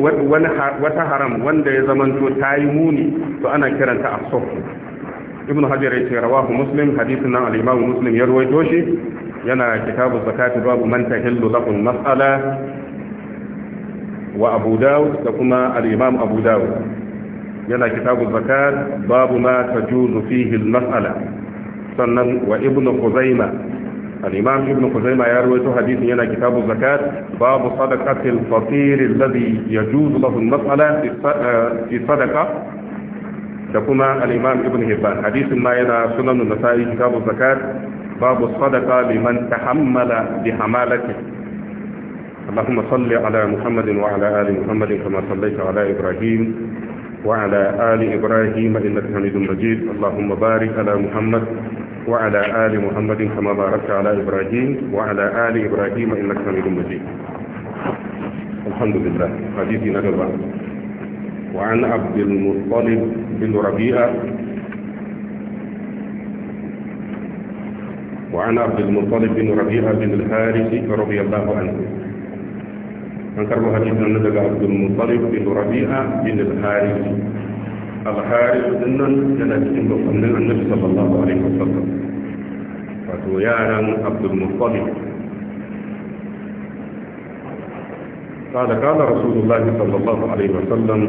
wata haram wanda ya zamanto ta yi muni to ana kiranta a sofu ibn hajar ya ce rawahu muslim hadisin nan al-imamu muslim ya ruwaito shi yana kitabu zakati babu man tahillu lahu mas'ala wa abu dawud da kuma al-imam abu dawud yana kitabu zakat babu ma tajuzu fihi al-mas'ala sannan wa ibn khuzaimah الإمام ابن خزيمة يروي حديث هنا كتاب الزكاة باب صدقة الفقير الذي يجوز له المسألة في آه، صدقة تكما الإمام ابن هبان حديث ما هنا سنن النسائي كتاب الزكاة باب الصدقة لمن تحمل بحمالته اللهم صل على محمد وعلى آل محمد كما صليت على إبراهيم وعلى آل إبراهيم إنك حميد مجيد اللهم بارك على محمد وعلى آل محمد كما باركت على إبراهيم وعلى آل إبراهيم إنك حميد مجيد الحمد لله حديث نجبة وعن عبد المطلب بن ربيعة وعن عبد المطلب بن ربيعة بن الحارث رضي الله عنه انكر حديث ان عبد المطلب بن ربيعه بن الحارث الحارث بن جنبه بن النبي صلى الله عليه وسلم فتو يا عبد المطلب قال قال رسول الله صلى الله عليه وسلم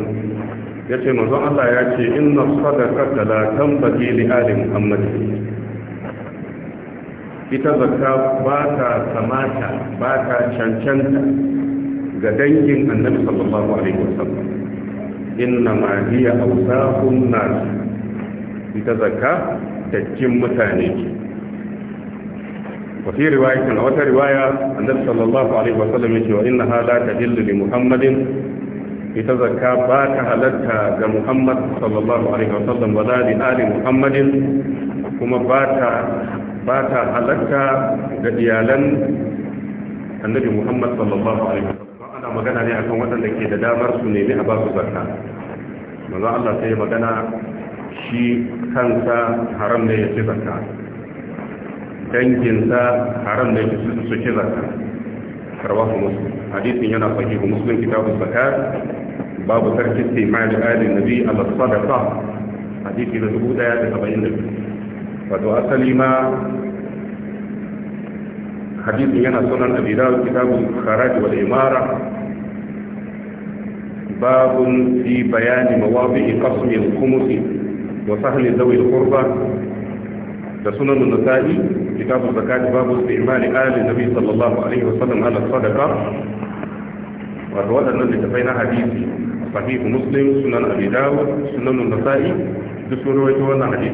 يتي مزو الله يأتي إن الصدقة لا تنبغي لآل محمد إذا ذكر باتا سماتا باتا شنشنتا ga النبي صلى الله عليه وسلم انما هي hiya الناس nas ita zakka وفي رواية أو رواية النبي صلى الله عليه وسلم يقول إنها لا تدل لمحمد يتزكى باك هلتها لمحمد صلى الله عليه وسلم ولا لآل محمد كما باك باك هلتا ديالا النبي محمد صلى الله عليه وسلم ana magana ne akan waɗanda ke da damar su nemi a basu zakka manzo Allah sai magana shi kansa haram ne ya ci zakka danginsa haram ne su ci zakka karwahu muslim hadisin yana sahihu muslim kitabun zakat babu ma da ayyukan nabi ala sadaqa hadisi da dubu daya da saba'in da wato asali ma حديث ينا سنن ابي داود كتاب الخراج والاماره باب في بيان مواضع قسم الخمس وسهل ذوي القربى سنن النسائي كتاب الزكاه باب استعمال ال النبي صلى الله عليه وسلم على الصدقه والرواد الذي تبين حديثي صحيح مسلم سنن ابي داود سنن النسائي تسروا حديث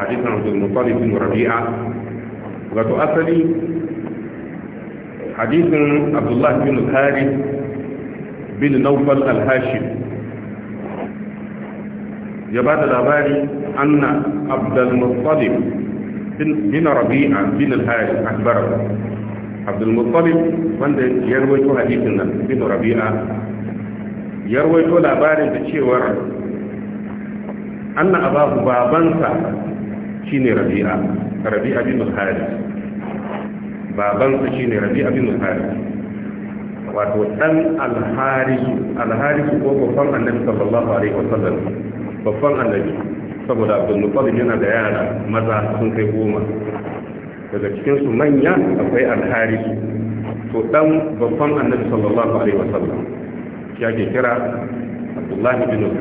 حديث عبد المطلب بن ربيعه wato asali hadisin abdullah bin harith bin naufal al-hashim ya ba da labari anna abdulmuttalib bin rabi'a bin al-harith akbar abdulmuttalib wanda ya rawaito hadisin nan bin rabi'a ya rawaito labarin da cewar anna abahu babansa shine rabi'a rabi'a bin al-harith babansa shine rabi'a bin al-harith wato dan Alharisu harith ko babban annabi sallallahu alaihi wa sallam. babban annabi saboda abdul muttalib yana da yara maza sun kai goma daga cikin su manya akwai Alharisu. to dan babban annabi sallallahu alaihi wa sallam ya ke kira abdullahi bin al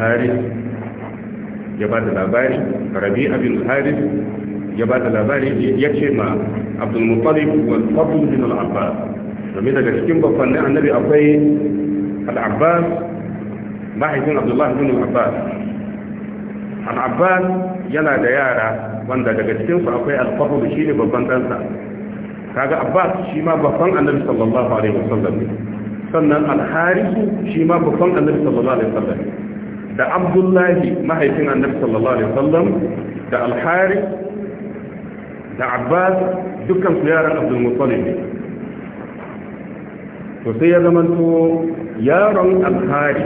ya ba da labari rabi abin harith ya ba da labari ya ce ma abdul muttalib wal fadl bin al abbas domin daga cikin babban annabi akwai al abbas mahaifin abdullahi bin al abbas yana da yara wanda daga cikin su akwai al shi ne babban ɗansa kaga abbas shi ma babban annabi sallallahu alaihi wasallam sannan al harith shi ma babban annabi sallallahu alaihi wasallam da abdullahi mahaifin annabi sallallahu alaihi wasallam da alhari da abbas dukkan su yaran abdul muttalib ne to sai ya zama to yaron alhari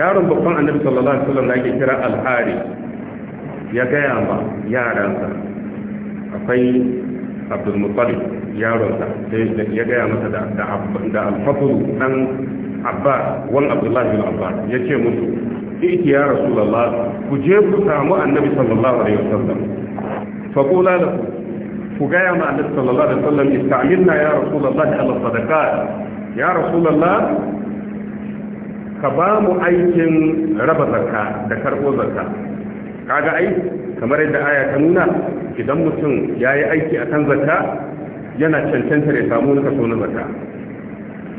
yaron babban annabi sallallahu alaihi wasallam da ake kira alhari ya gaya ma yaransa akwai abdul muttalib yaronsa sai ya gaya masa da da alfadl dan abbas wani abdullahi bin abbas ya ce musu iki ya lalla ku je ku samu annabi sallallahu alaihi wasallam fa qula lahu ku gaya ma annabi sallallahu alaihi wasallam istamilna ya da ala sadaqat ya lalla? ka ba mu aikin raba zakka da karbo zakka kaga ai kamar yadda aya ta nuna idan mutum yayi aiki akan zakka yana cancantar ya samu wani kaso na zakka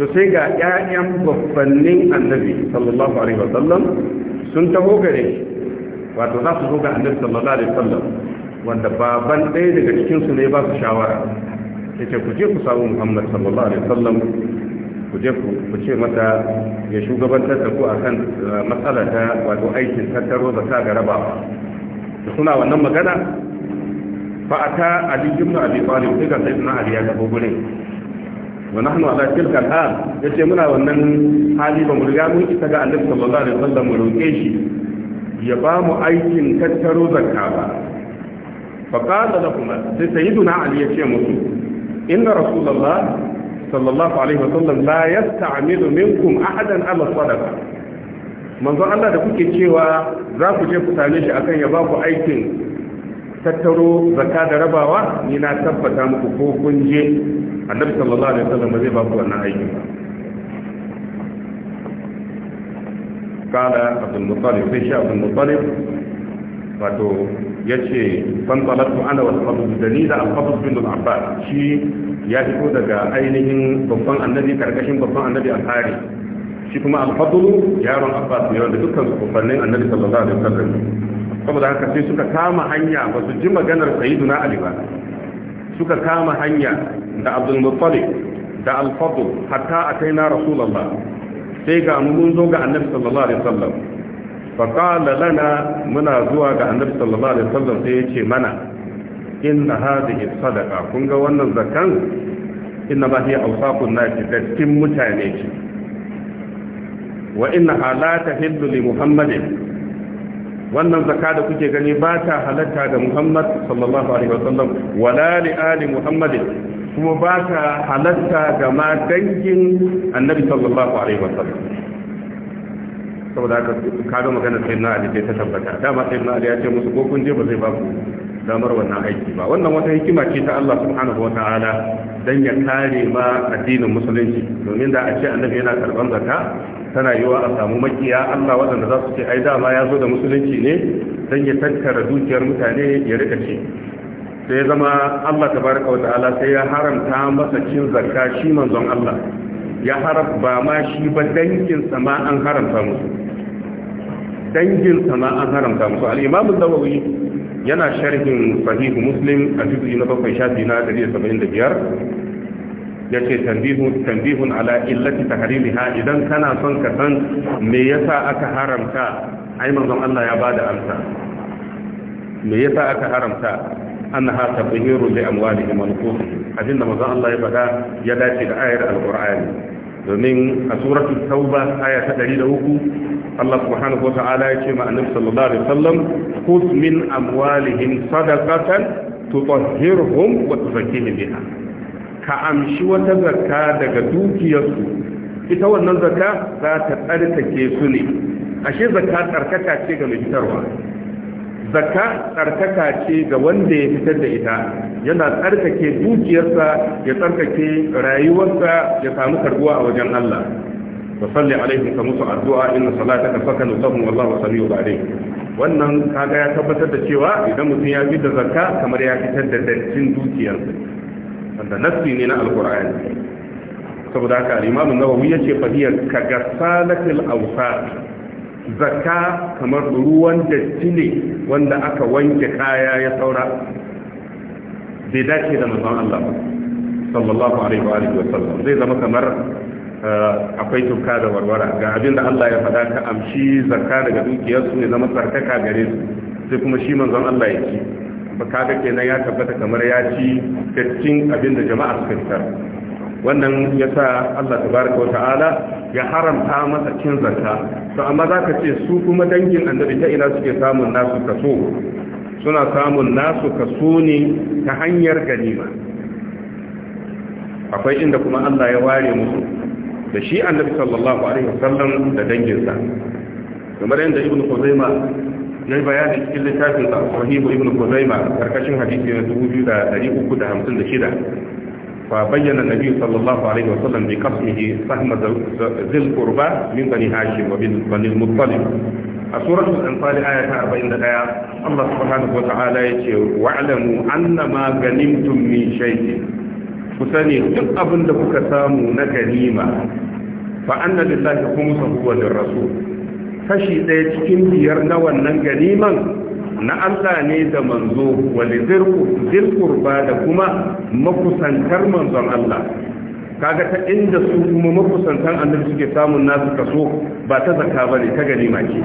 to sai ga ƴaƴan babbannin annabi sallallahu alaihi wa sallam, sun taho gare shi wato za su zo ga annabi sallallahu alaihi wa sallam, wanda baban ɗaya daga cikin su ne ba su shawara ce ku je ku samu Muhammad sallallahu alaihi wa sallam, ku je ku ce mata ya shugabantar da ku akan eh, matsala ta wato aikin tattaro da ta ga rabawa da suna wannan magana fa ata ali ibn abi talib daga sayyidina ali ya tafi gurin wa nahnu ala tilka al-hal yace muna wannan hali ba mu riga mun isa ga annabi sallallahu alaihi wasallam mu roke shi ya ba mu aikin tattaro zakka ba fa qala lahum sai sayyiduna ali yace musu inna rasulullah sallallahu alaihi wasallam la yasta'milu minkum ahadan ala sadaqa manzo Allah da kuke cewa za ku je ku same shi akan ya ba ku aikin tattaro zakka da rabawa ni na tabbata muku ko kun je annabi sallallahu alaihi wasallam zai ba ku wannan aiki قال Abdul المطلب sai sha Abdul المطلب wato ya ce talatu ana wasu sabu da ni da bin al-abbas shi ya fito daga ainihin babban annabi karkashin babban annabi al-hari shi kuma al-fadl yaron abbas ne wanda dukkan su babbannin annabi sallallahu alaihi wasallam saboda haka sai suka kama hanya ba su ji maganar sayyiduna ali ba suka kama hanya da abdul da da al a kai na rasulullah sai ga mun zo ga annabi sallallahu alaihi wasallam fa qala lana muna zuwa ga annabi sallallahu alaihi wasallam sai yace mana inna hadhihi sadaqa kun ga wannan zakan inna ba hiya awsaqun nasi da cikin mutane ce wa inna la tahillu li muhammadin wannan zakka da kuke gani ba ta halatta ga Muhammad sallallahu alaihi wasallam wala li ali Muhammad kuma ba ta halatta ga ma dangin Annabi sallallahu alaihi wasallam saboda haka kaga magana sai na ali ta tabbata dama sai na ali ya ce musu ko kun je ba zai ba ku damar wannan aiki ba wannan wata hikima ce ta Allah subhanahu wataala dan ya kare ma addinin musulunci domin da a ce annabi yana karban zakka tana yiwa a samu makiya Allah waɗanda za su ce ai dama ya zo da musulunci ne dan ya tattara dukiyar mutane ya rika ce sai ya zama Allah tabaraka wataala sai ya haramta masa cin zakka shi manzon Allah ya haram ba ma shi ba danginsa sama an haramta musu dangin sama an haramta musu al-imam yana sharhin sahih muslim a juz'i na bakwai shafi na 175 yace tanbihun tambihun ala illati tahrimiha idan kana son ka san me yasa aka haramta ai zan Allah ya ba bada amsa me yasa aka haramta An na annaha tahiru li amwalihim wa nufusihim abinda manzon Allah ya bada ya dace da ayar al domin a suratul tauba aya ta 103 Allah subhanahu wata'ala ya ce ma annabi sallallahu alaihi wasallam khudh min amwalihim sadaqatan tutahhiruhum wa tuzakkihim biha ka amshi wata zakka daga dukiyarsu ita wannan zakka za ta tsarkake su ne ashe zakka tsarkaka ce ga mai zakka tsarkaka ce ga wanda ya fitar da ita yana tsarkake dukiyarsa ya tsarkake rayuwarsa ya samu karbuwa a wajen Allah wa salli alaihi ka musu addu'a inna salataka sakanu lahum wallahu samiu alim wannan kaga ya tabbatar da cewa idan mutum ya bi da zakka kamar ya fitar da dattin dukiyarsa wanda nassi ne na alqur'ani saboda haka al nawawi yace fa hiya ka gasalatil awsat zakka kamar ruwan datti ne wanda aka wanke kaya ya saura bai dace da manzon Allah sallallahu alaihi wa alihi wa sallam zai zama kamar eh, akwai tuka da warwara ga abin da Allah ya faɗa ka amshi zakka daga dukiyar su ne zama tsarkaka gare su sai kuma shi manzon Allah ya ci ba kaga kenan ya tabbata kamar ya ci dattin abin da jama'a suka tsara wannan ya sa Allah tabaraka wa ta'ala ya haramta masa cin zakka to amma zaka ce su kuma dangin annabi ta ina suke samun nasu kaso suna samun nasu kaso ne ta hanyar ganima akwai inda kuma Allah ya ware musu da shi annabi sallallahu alaihi wasallam da danginsa kamar yadda ibnu Khuzaima ya yi bayani cikin littafin sahihu ibnu Khuzaima karkashin hadisi na 2356 فبين النبي صلى الله عليه وسلم بقسمه سهم ذي القربى من بني هاشم ومن بني المطلب سورة الأنفال آية 41 الله سبحانه وتعالى يقول واعلموا أن ما غنمتم من شيء فسني duk abin da kuka samu na ganima fa anna lillahi khumsahu wa lirrasul kashi ɗaya cikin biyar na wannan ganiman na Allah ne da manzo wani zirkur ba da kuma makusantar manzon Allah kaga ta inda su kuma makusantan annabi suke samun nasu kaso ba ta zaka bane ta gani ma ke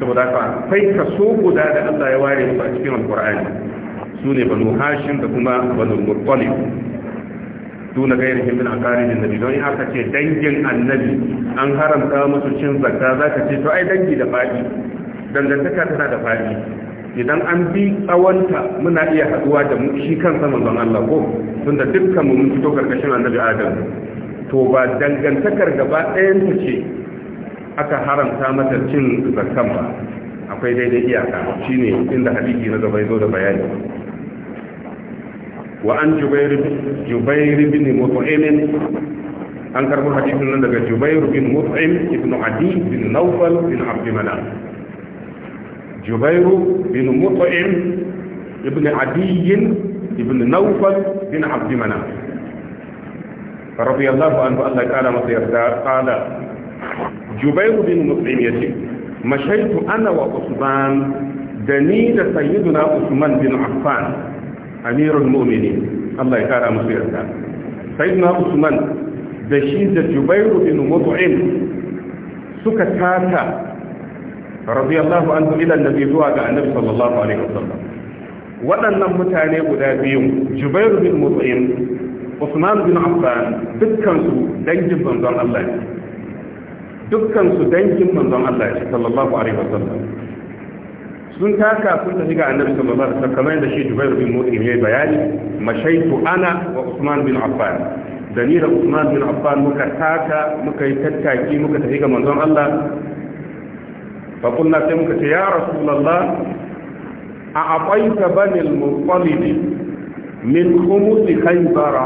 saboda ka kai kaso guda da Allah ya ware su a cikin alqur'ani sune banu hashim da kuma banu muttalib duna gairihim min da nabi don aka ce dangin annabi an haramta musu cin zakka zaka ce to ai dangi da fadi dangantaka tana da fadi idan an bi tsawonta muna iya haduwa da mu shi sama zan Allah ko tunda dukkan mu mun fito karkashin annabi Adam to ba dangantakar gaba ɗayan ta ce aka haramta mata cin zakkan ba akwai daidai iyaka shine inda hadisi na gaba zo da bayani wa an jubair jubair bin mut'im an karbo hadisin nan daga jubair bin mut'im ibn adi bin nawfal bin abd manaf jubairu bin mut'im ibn adiy ibn nawfal bin abd manaf radiyallahu anhu Allah kana masa yarda qala jubairu bin mut'im yace mashaitu ana wa usman da ni da sayyiduna usman bin affan amirul mu'minin Allah ya kara musu yarda sayyiduna usman da shi da jubairu bin suka tata radiyallahu anhu ila annabi zuwa ga annabi sallallahu alaihi wasallam waɗannan mutane guda biyu jubairu bin mut'im usman bin affan dukkan su dangin manzon Allah ne dukkan sallallahu alaihi wasallam sun taka sun tafi ga annabi sallallahu alaihi wasallam kamar da shi Jubair bin Mut'im yayi bayani mashaitu ana wa Usman bin Affan da ni da Usman bin Affan muka taka muka yi tattaki muka tafi ga manzon Allah faƙunna sai muka ce ya rasulallah a aƙwaita banil mutsalidi min humusi haibara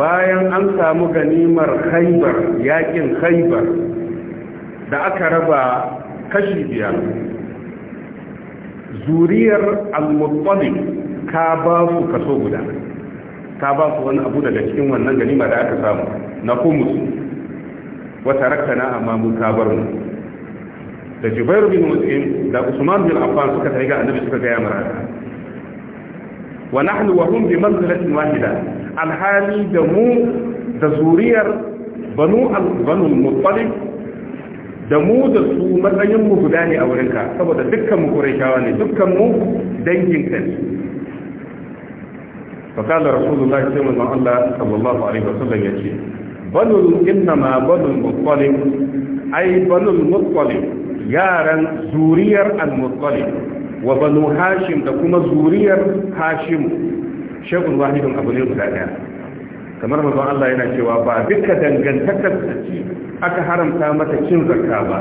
bayan an samu ganimar haibar yaƙin haibar da aka raba kashi biyar zuriyar al-muttalib ka ba su kaso guda ka ba su wani abu daga cikin wannan ganima da aka samu na kumus wata rakana amma mun ka bar mu da jubair bin muslim da usman bin affan suka tafi ga annabi suka gaya mara wa nahnu wa hum bi manzilatin wahida alhali da mu da zuriyar banu al-banu muttalib da mu da su matsayin mu guda ne a wurinka saboda dukkan mu qurayshawa ne dukkan mu dangin ka ne fa kana rasulullahi sallallahu alaihi sallallahu alaihi wasallam yace banu innama banu muttalib ay banu muttalib yaran zuriyar al-muttalib wa banu hashim da kuma zuriyar hashim shekul wahidun abu ne guda daya kamar mazan Allah yana cewa ba duka dangantakar ce aka haramta mata cin zarka ba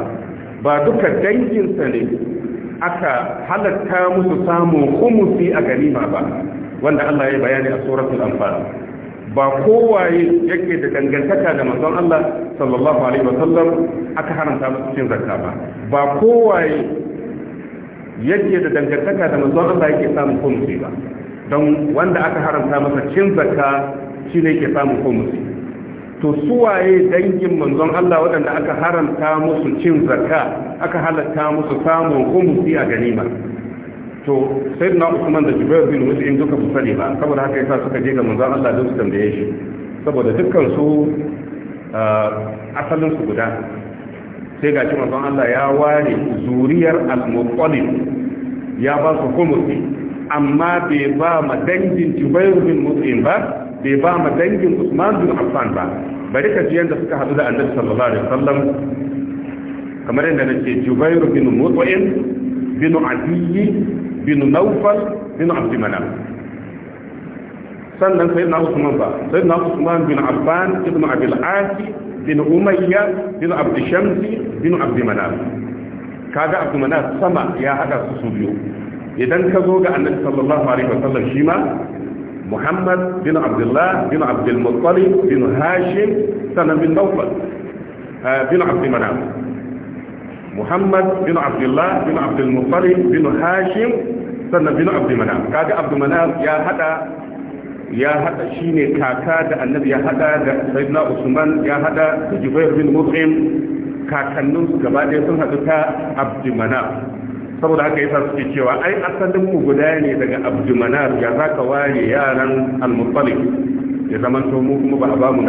ba duka danginsa ne aka halatta musu samun kumusi a ganima ba wanda Allah ya bayani a suratul anfal ba kowaye yake da dangantaka da manzon Allah sallallahu alaihi wasallam aka haramta musu cin zakka ba ba kowaye yake da dangantaka da manzon Allah yake samun komai ba don wanda aka haramta masa cin zakka shine yake samun komai to suwaye dangin manzon Allah waɗanda aka haramta musu cin zakka aka halatta musu samun komai a ganima to sai na usman da jubair bin muslim duka su sani ba saboda haka yasa suka je ga manzon Allah don su tambaye shi saboda dukkan su asalin su guda sai ga shi manzon Allah ya ware zuriyar al-muqallid ya ba su kumusi amma bai ba ma dangin jubair bin muslim ba bai ba ma dangin usman bin affan ba bari ka ji yanda suka hadu da annabi sallallahu alaihi wasallam kamar yadda nake jubair bin muslim bin adiyi bin naufal bin abdimana sannan sai na usman ba sai na bin abban ibn abil asi bin umayya bin abdishamsi bin abdimana kaga abdimana sama ya hada su su biyu idan ka zo ga annabi sallallahu alaihi wasallam shi ma muhammad bin abdullah bin abdul bin hashim sannan bin naufal bin abdimana muhammad bin abdullah bin abdul muttalib bin hashim sannan bin abdul manaf kaga abdul manaf ya hada ya hada shine kaka da annabi ya hada da sayyidina usman ya hada da jubair bin mut'im kakannin su gaba ɗaya sun hadu ta abdul manaf saboda haka yasa suke cewa ai asalin mu guda ne daga abdumanar ya zaka ware yaran al-muttalib ya zaman to mu kuma ba a ba mu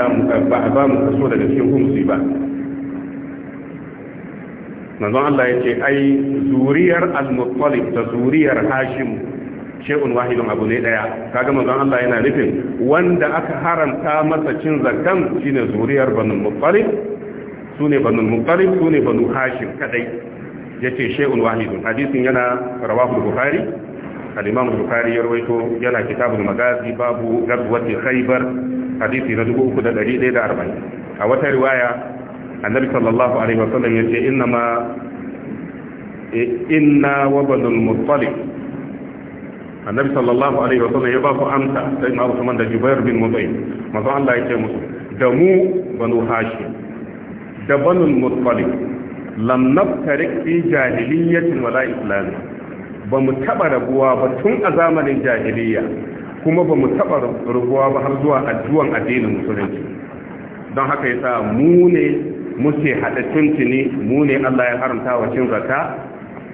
ba a ba mu kaso daga cikin humsi ba manzon Allah ya ce ai zuriyar al-muttalib da zuriyar hashim shay'un wahidun abu ne daya kaga manzon Allah yana nufin wanda aka haramta masa cin zakkan shine zuriyar banu muttalib sune banu muttalib sune banu hashim kadai yace shay'un wahidun hadisin yana rawahu bukhari al-imam bukhari ya rawaito yana kitabul magazi babu gadwati khaybar hadisi na 3140 a wata riwaya annabi sallallahu alaihi wasallam ya ce inna ma inna wa banul muttalib annabi sallallahu alaihi wasallam ya ba ku amsa sai na Usman da Jubair bin Mut'im manzo Allah ya ce musu da mu banu Hashim da banul muttalib lam nabtarik fi jahiliyyatin wala islam ba mu taba rabuwa ba tun a zamanin jahiliyya kuma ba mu taba rabuwa ba har zuwa addu'an addinin musulunci don haka yasa mu ne muke haɗa tuntuni mu ne Allah ya haramta wa cin zakka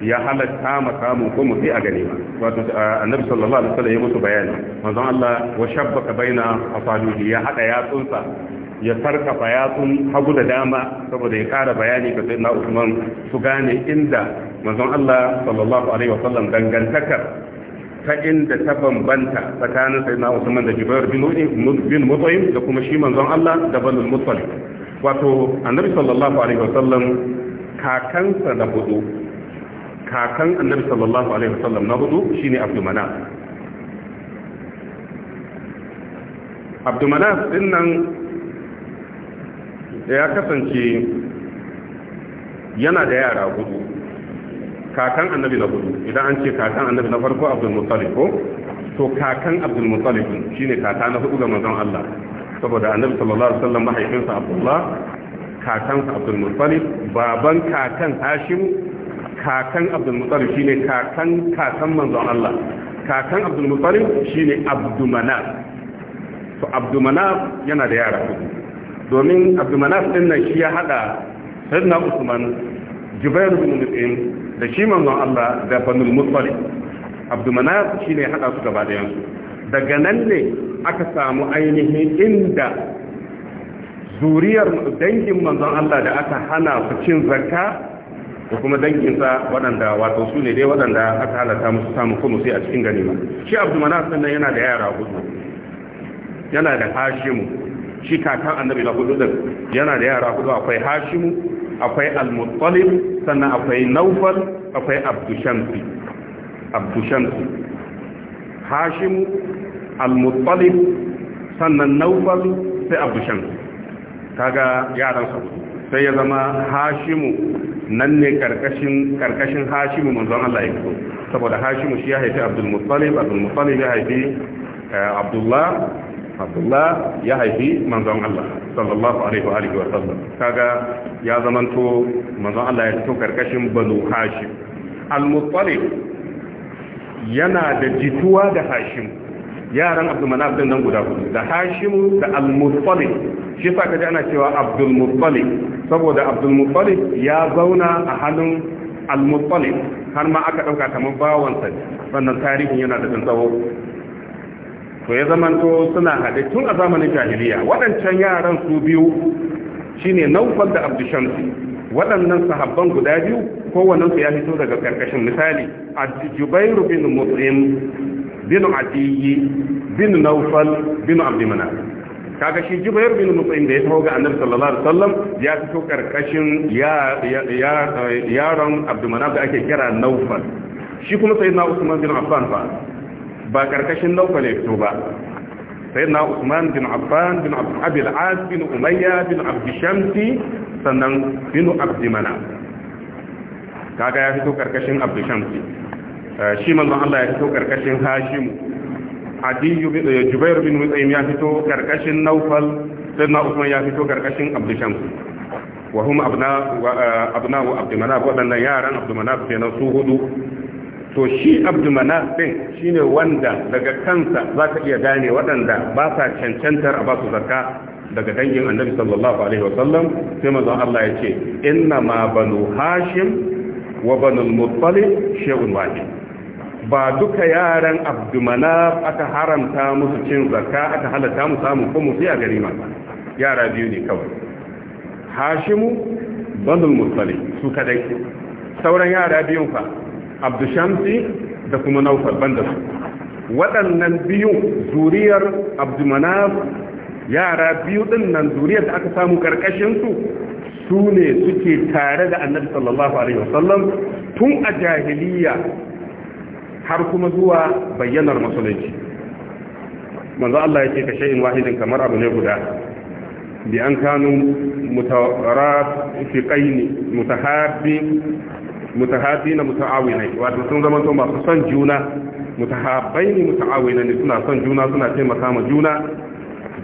ya halatta ma samu ko mu sai a gani ba wato annabi sallallahu alaihi wasallam ya musu bayani manzon Allah wa shabbaka baina asabihi ya haɗa yatsunsa ya sarkafa yatsun hagu da dama saboda ya ƙara bayani ga sayyidina Usman su gane inda manzon Allah sallallahu alaihi wasallam dangantakar ta inda ta bambanta tsakanin sayyidina Usman da Jubair bin Mut'im da kuma shi manzon Allah da Banul Muttalib wato annabi sallallahu alaihi wasallam kakansa na hudu kakan annabi sallallahu alaihi wasallam na hudu shine abdumana abdumana din nan ya kasance yana da yara hudu kakan annabi na hudu idan an ce kakan annabi na farko abdul muttalib ko to kakan abdul muttalib shine kaka na hudu ga manzon Allah saboda annabi sallallahu alaihi wasallam mahaifinsa abdullah kakan abdul muttalib baban kakan hashim kakan abdul muttalib shine kakan kakan manzon Allah kakan abdul muttalib shine abdumanaf to abdumanaf yana da yara domin abdumanaf din nan shi ya hada sayyidina usman jubair bin mut'im da shi manzon Allah da banul muttalib abdumanaf shine ya hada su gaba da yansu daga nan ne aka samu ainihin inda zuriyar dangin manzon Allah da aka hana su cin zakka da kuma danginsa waɗanda wato su ne dai waɗanda aka halata musu samun kuma sai a cikin ganima shi abdu manas sannan yana da yara hudu yana da hashimu shi kakan annabi na hudu din yana da yara hudu akwai hashimu akwai al-muttalib sannan akwai nawfal akwai abdushamsi abdushamsi hashimu al-muttalib sannan naufal sai abu shams kaga yaran sa sai ya zama hashimu nan ne karkashin karkashin hashimu manzon Allah ya fito saboda hashimu shi ya haifi abdul muttalib abdul muttalib ya haifi eh, abdullah abdullah ya haifi manzon Allah sallallahu alaihi wa alihi wa sallam kaga ya zamanto manzon Allah ya fito karkashin banu hashim al-muttalib yana da jituwa da hashim yaran abdul din nan guda hudu da hashim da al-muttalib shi sa kaji ana cewa abdul saboda abdul ya zauna a hannun al-muttalib har ma aka dauka kamar bawansa wannan tarihin yana da tsawo to ya to suna hade tun a zamanin jahiliya waɗancan yaran su biyu shine nawfal da abdushamsi waɗannan sahabban guda biyu kowannen su ya fito daga karkashin misali Jubair bin mutum bin Atiyi bin naufal bin abdimana kaga shi Jubair bin mutum da ya taho ga Annabi sallallahu alaihi wasallam ya fito karkashin ya yaron abdimana da ake kira naufal shi kuma na Usman bin Affan fa ba karkashin naufal ya fito ba sayyidina Usman bin Affan bin Abi al-As bin Umayya bin Abd Shamsi sannan bin Abd Manaf kaga ya fito karkashin Abd Shamsi shi manzon Allah ya fito karkashin Hashim Adi Jubair bin Mutaim ya fito karkashin Naufal sayyidina Usman ya fito karkashin Abd Shamsi wa hum abna abna Abd Manaf wadannan yaran Abd Manaf kenan su hudu to shi abdulmanaf din shine wanda daga kansa za ka iya gane waɗanda ba sa cancantar a ba su zakka daga dangin annabi sallallahu alaihi wasallam sai manzon Allah ya ce inna ma banu hashim wa banu muttalib shay'un wahid ba duka yaran abdulmanaf aka haramta musu cin zakka aka halatta musu samun kuma sai a gari ma yara biyu ne kawai hashimu banu muttalib su kadai sauran yara biyun fa abdushamsi da kuma naufal su waɗannan biyu zuriyar abdumanaf yara biyu ɗinnan zuriyar da aka samu ƙarƙashinsu su ne suke tare da annabi sallallahu alaihi wasallam tun a jahiliya har kuma zuwa bayyanar masulunci. manzo Allah yake kashe in wahidin kamar abu ne guda bi an kanu mutawarat fi mutahabina muta'awinai wato sun zama to masu son juna mutahabbaini muta'awinai suna son juna suna taimaka ma juna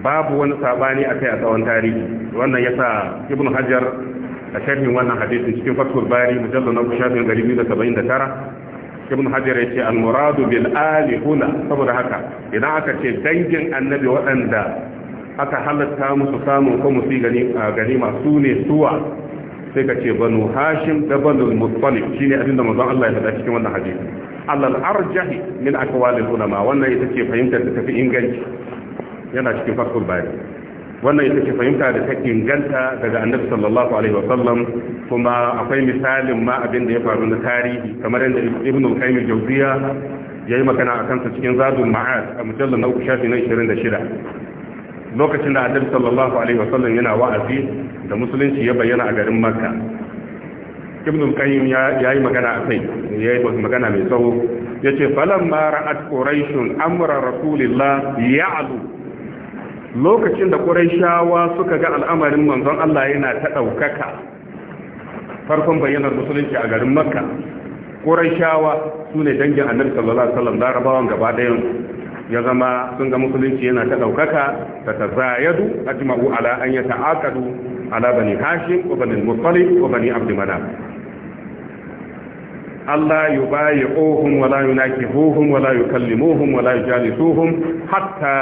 babu wani sabani akai a tsawon tarihi wannan yasa ibn hajar a sharhin wannan hadisin cikin fathul bari mujallal na shafin 279 ibn hajar yace al muradu bil ali huna saboda haka idan aka ce dangin annabi waɗanda aka halatta musu samun kuma su gani gani masu ne suwa sai ka ce banu hashim da banu muttalib shine abinda manzon Allah ya faɗa cikin wannan hadisi alal arjahi min aqwalil ulama wannan ita ce fahimtar da tafi inganci yana cikin fasul bayani wannan ita ce fahimta da ta inganta daga annabi sallallahu alaihi wa sallam kuma akwai misalin ma abin da ya faru na tarihi kamar yadda ibn al-qayyim al-jawziya yayi magana akan sa cikin zadul ma'ad a mujallal na 3 shafi na 26 lokacin da annabi sallallahu alaihi wasallam yana wa'azi da musulunci ya bayyana a garin makka ibn al-qayyim ya yi magana a kai ya yi magana mai tsawo ya ce falon mara quraish amra amura rasulillah ya lokacin da quraishawa suka ga al'amarin manzon Allah yana ta ɗaukaka farkon bayyanar musulunci a garin makka quraishawa su ne dangin annabi sallallahu alaihi wasallam rabawan gaba ɗayan ya zama sun ga musulunci yana ta ɗaukaka ta ta zayadu ajma'u ala an ya ta'akadu ala bani hashim wa bani muttalib wa bani abd manaf Allah yubayi'uhum wa la yunakihuhum wa la yukallimuhum wa la yujalisuhum hatta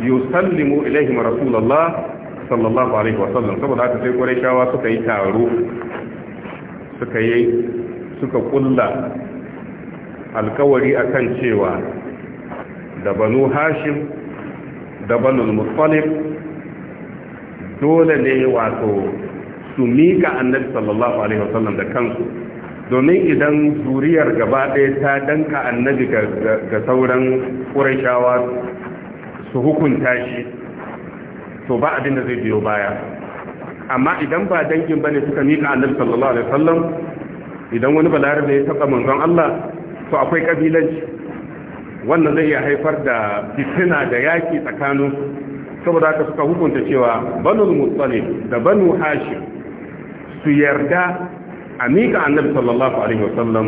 yusallimu ilaihim rasulallah, sallallahu alaihi wa sallam saboda haka sai shawa suka yi taro suka yi suka kulla alkawari akan cewa da banu hashim da banu musfalif dole ne wato su mika annabi sallallahu alaihi wasallam da kansu domin idan zuriyar gaba ɗaya ta danka annabi ga sauran ƙurashawa su hukunta shi to ba abin da zai biyo baya amma idan ba dangin ba ne suka mika annabi sallallahu alaihi wasallam idan wani balarabe ya taɓa manzon Allah to akwai kabilanci wannan zai iya haifar da fitina da yaki tsakanin saboda aka suka hukunta cewa banu mutsalib da banu hashim su yarda a mika annabi sallallahu alaihi wasallam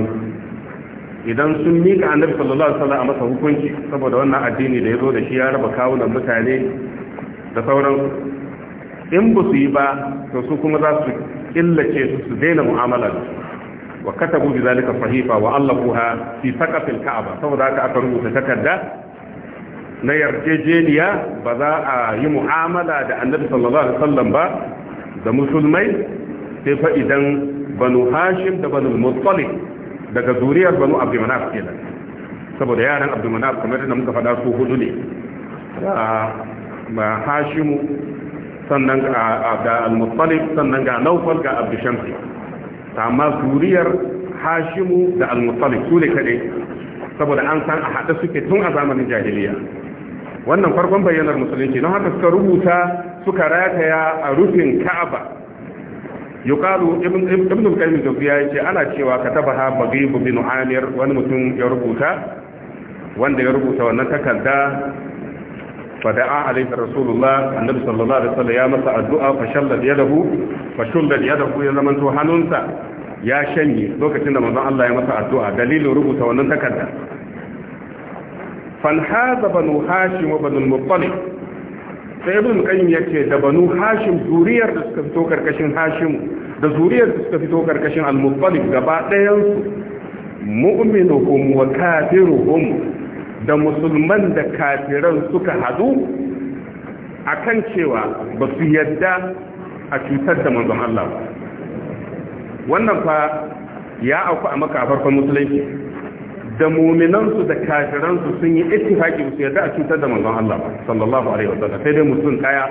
idan sun mika annabi sallallahu alaihi wasallam a masa hukunci saboda wannan addini da ya zo da shi ya raba kawunan mutane da sauran in ba su yi ba to su kuma za su killace su su daina mu'amala da su wa katabu bi zalika sahifa wa allaquha fi saqafil ka'aba saboda haka aka rubuta takarda na yarjejeniya ba za a yi mu'amala da annabi sallallahu alaihi wasallam ba da musulmai sai fa idan banu hashim da banu muttalib daga zuriyar banu abdul manaf kenan saboda yaran abdul manaf kamar da muka faɗa su hudu ne ba hashimu sannan ga al-muttalib sannan ga naufal ga abdul shamsi amma zuriyar hashimu da al su ne kaɗai saboda an san a haɗe suke tun a zamanin jahiliya wannan farkon bayyanar musulunci na haka suka rubuta suka rataya a rufin ka'aba yuqalu ibn ibn al ce ana cewa katabaha baghib bin amir wani mutum ya rubuta wanda ya rubuta wannan takarda fada'a alaihi rasulullah annabi sallallahu alaihi wasallam ya masa addu'a fa shallad yadahu fa shallad ya zaman hannunsa ya shanye lokacin da manzon Allah ya masa addu'a dalilin rubuta wannan takarda fan hada banu hashim wa banu sai ibn qayyim yace da banu hashim zuriyar da suka fito karkashin hashim da zuriyar da suka fito karkashin al-muttalib gaba ɗayan su mu'minuhum wa kafiruhum da musulman da kafiran suka hadu kan cewa ba su yadda a cutar da manzon Allah wannan fa ya auku a maka a farkon musulunci da muminansu da kafiransu sun yi ittifaki su yadda a cutar da manzon Allah sallallahu alaihi wa sallam sai dai musulun kaya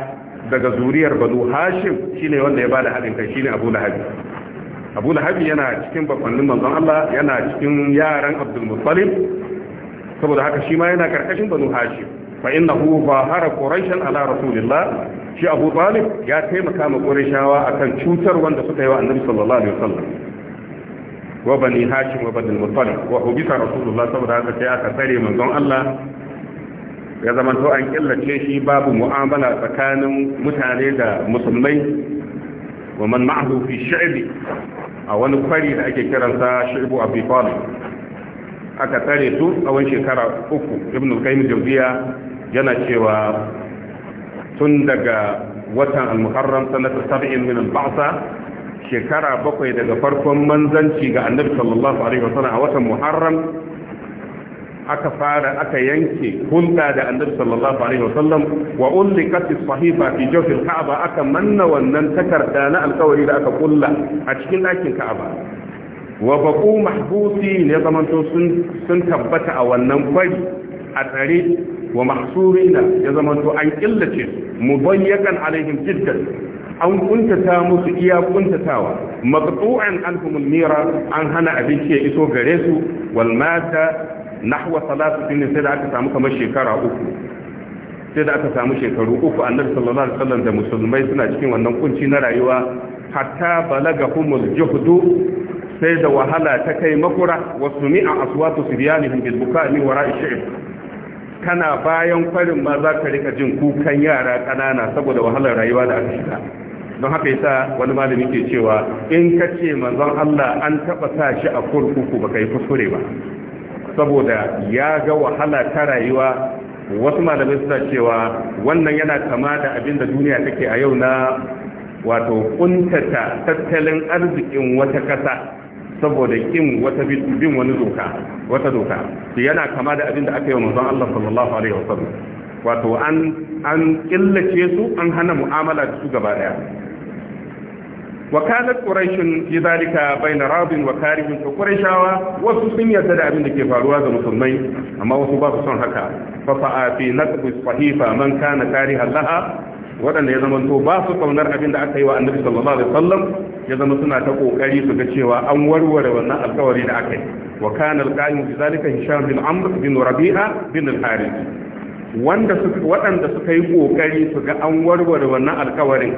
daga zuriyar banu hashim shine wanda ya bada hadin kai shine abu lahabi abu lahabi yana cikin bakwannin manzon Allah yana cikin yaran abdul muttalib saboda haka shi ma yana karkashin banu hashim fa innahu zahara quraishan ala rasulillah shi abu talib ya taimaka ma qurayshawa akan cutar wanda suka yi wa annabi sallallahu alaihi wasallam wa bani hashim wa bani muttalib wa hubisa rasulullah saboda haka sai aka tsare manzon Allah ya zamanto an killace shi babu mu'amala tsakanin mutane da musulmai wa man fi shi'bi a wani kwari da ake kiransa shi'bu abi talib aka tsare su tsawon shekara uku ibn qayyim jawziya yana cewa tun daga watan al-muharram sanata sab'in min al-ba'sa shekara bakwai daga farkon manzanci ga annabi sallallahu alaihi wasallam a watan muharram aka fara aka yanke hulɗa da annabi sallallahu alaihi wasallam wa ulliqat as-sahifa fi jawf al aka manna wannan takarda na alƙawari da aka kulla a cikin ɗakin ka'aba wa baƙo mahbusi ne zamanto sun tabbata a wannan kwari a tsare wa mahsurina ya zamanto an killace mubayyakan alaihim jiddan an kuntata musu iya kuntatawa maqtu'an anhumul mira an hana abinci ya iso gare su wal mata nahwa salatu din sai da aka samu kamar shekara uku sai da aka samu shekaru uku annabi sallallahu alaihi wasallam da musulmai suna cikin wannan kunci na rayuwa hatta balaga balagahumul juhdu sai da wahala ta kai makura wa sumi'a aswatu sibyanihim bil buka'i min wara'i shi'b kana bayan farin ma za ka rika jin kukan yara kanana saboda wahalar rayuwa da aka shiga don haka yasa wani malami ke cewa in ka ce manzon Allah an taba sa shi a kurkuku baka yi kuskure ba saboda ya ga wahala ta rayuwa wasu malamai suna cewa wannan yana kama da abin da duniya take a yau na wato kuntata tattalin arzikin wata ƙasa saboda kin wata bin wani doka wata doka yana kama da abin da aka yi wa manzon Allah sallallahu alaihi wasallam wato an an killace su an hana mu'amala da su gaba daya wa kanat quraish fi zalika bayna rabin wa karibin to quraishawa wasu sun yarda da abin da ke faruwa ga musulmai amma wasu ba su son haka fa fa fi naqbi sahifa man kana kariha laha waɗanda ya zama to ba su kaunar abin da aka yi wa annabi sallallahu alaihi wasallam ya zama suna ta kokari su ga cewa an warware wannan alkawari da aka yi wa kana alqaim fi zalika hisham bin amr bin rabi'a bin al-harith wanda suka waɗanda suka yi kokari su ga an warware wannan alkawarin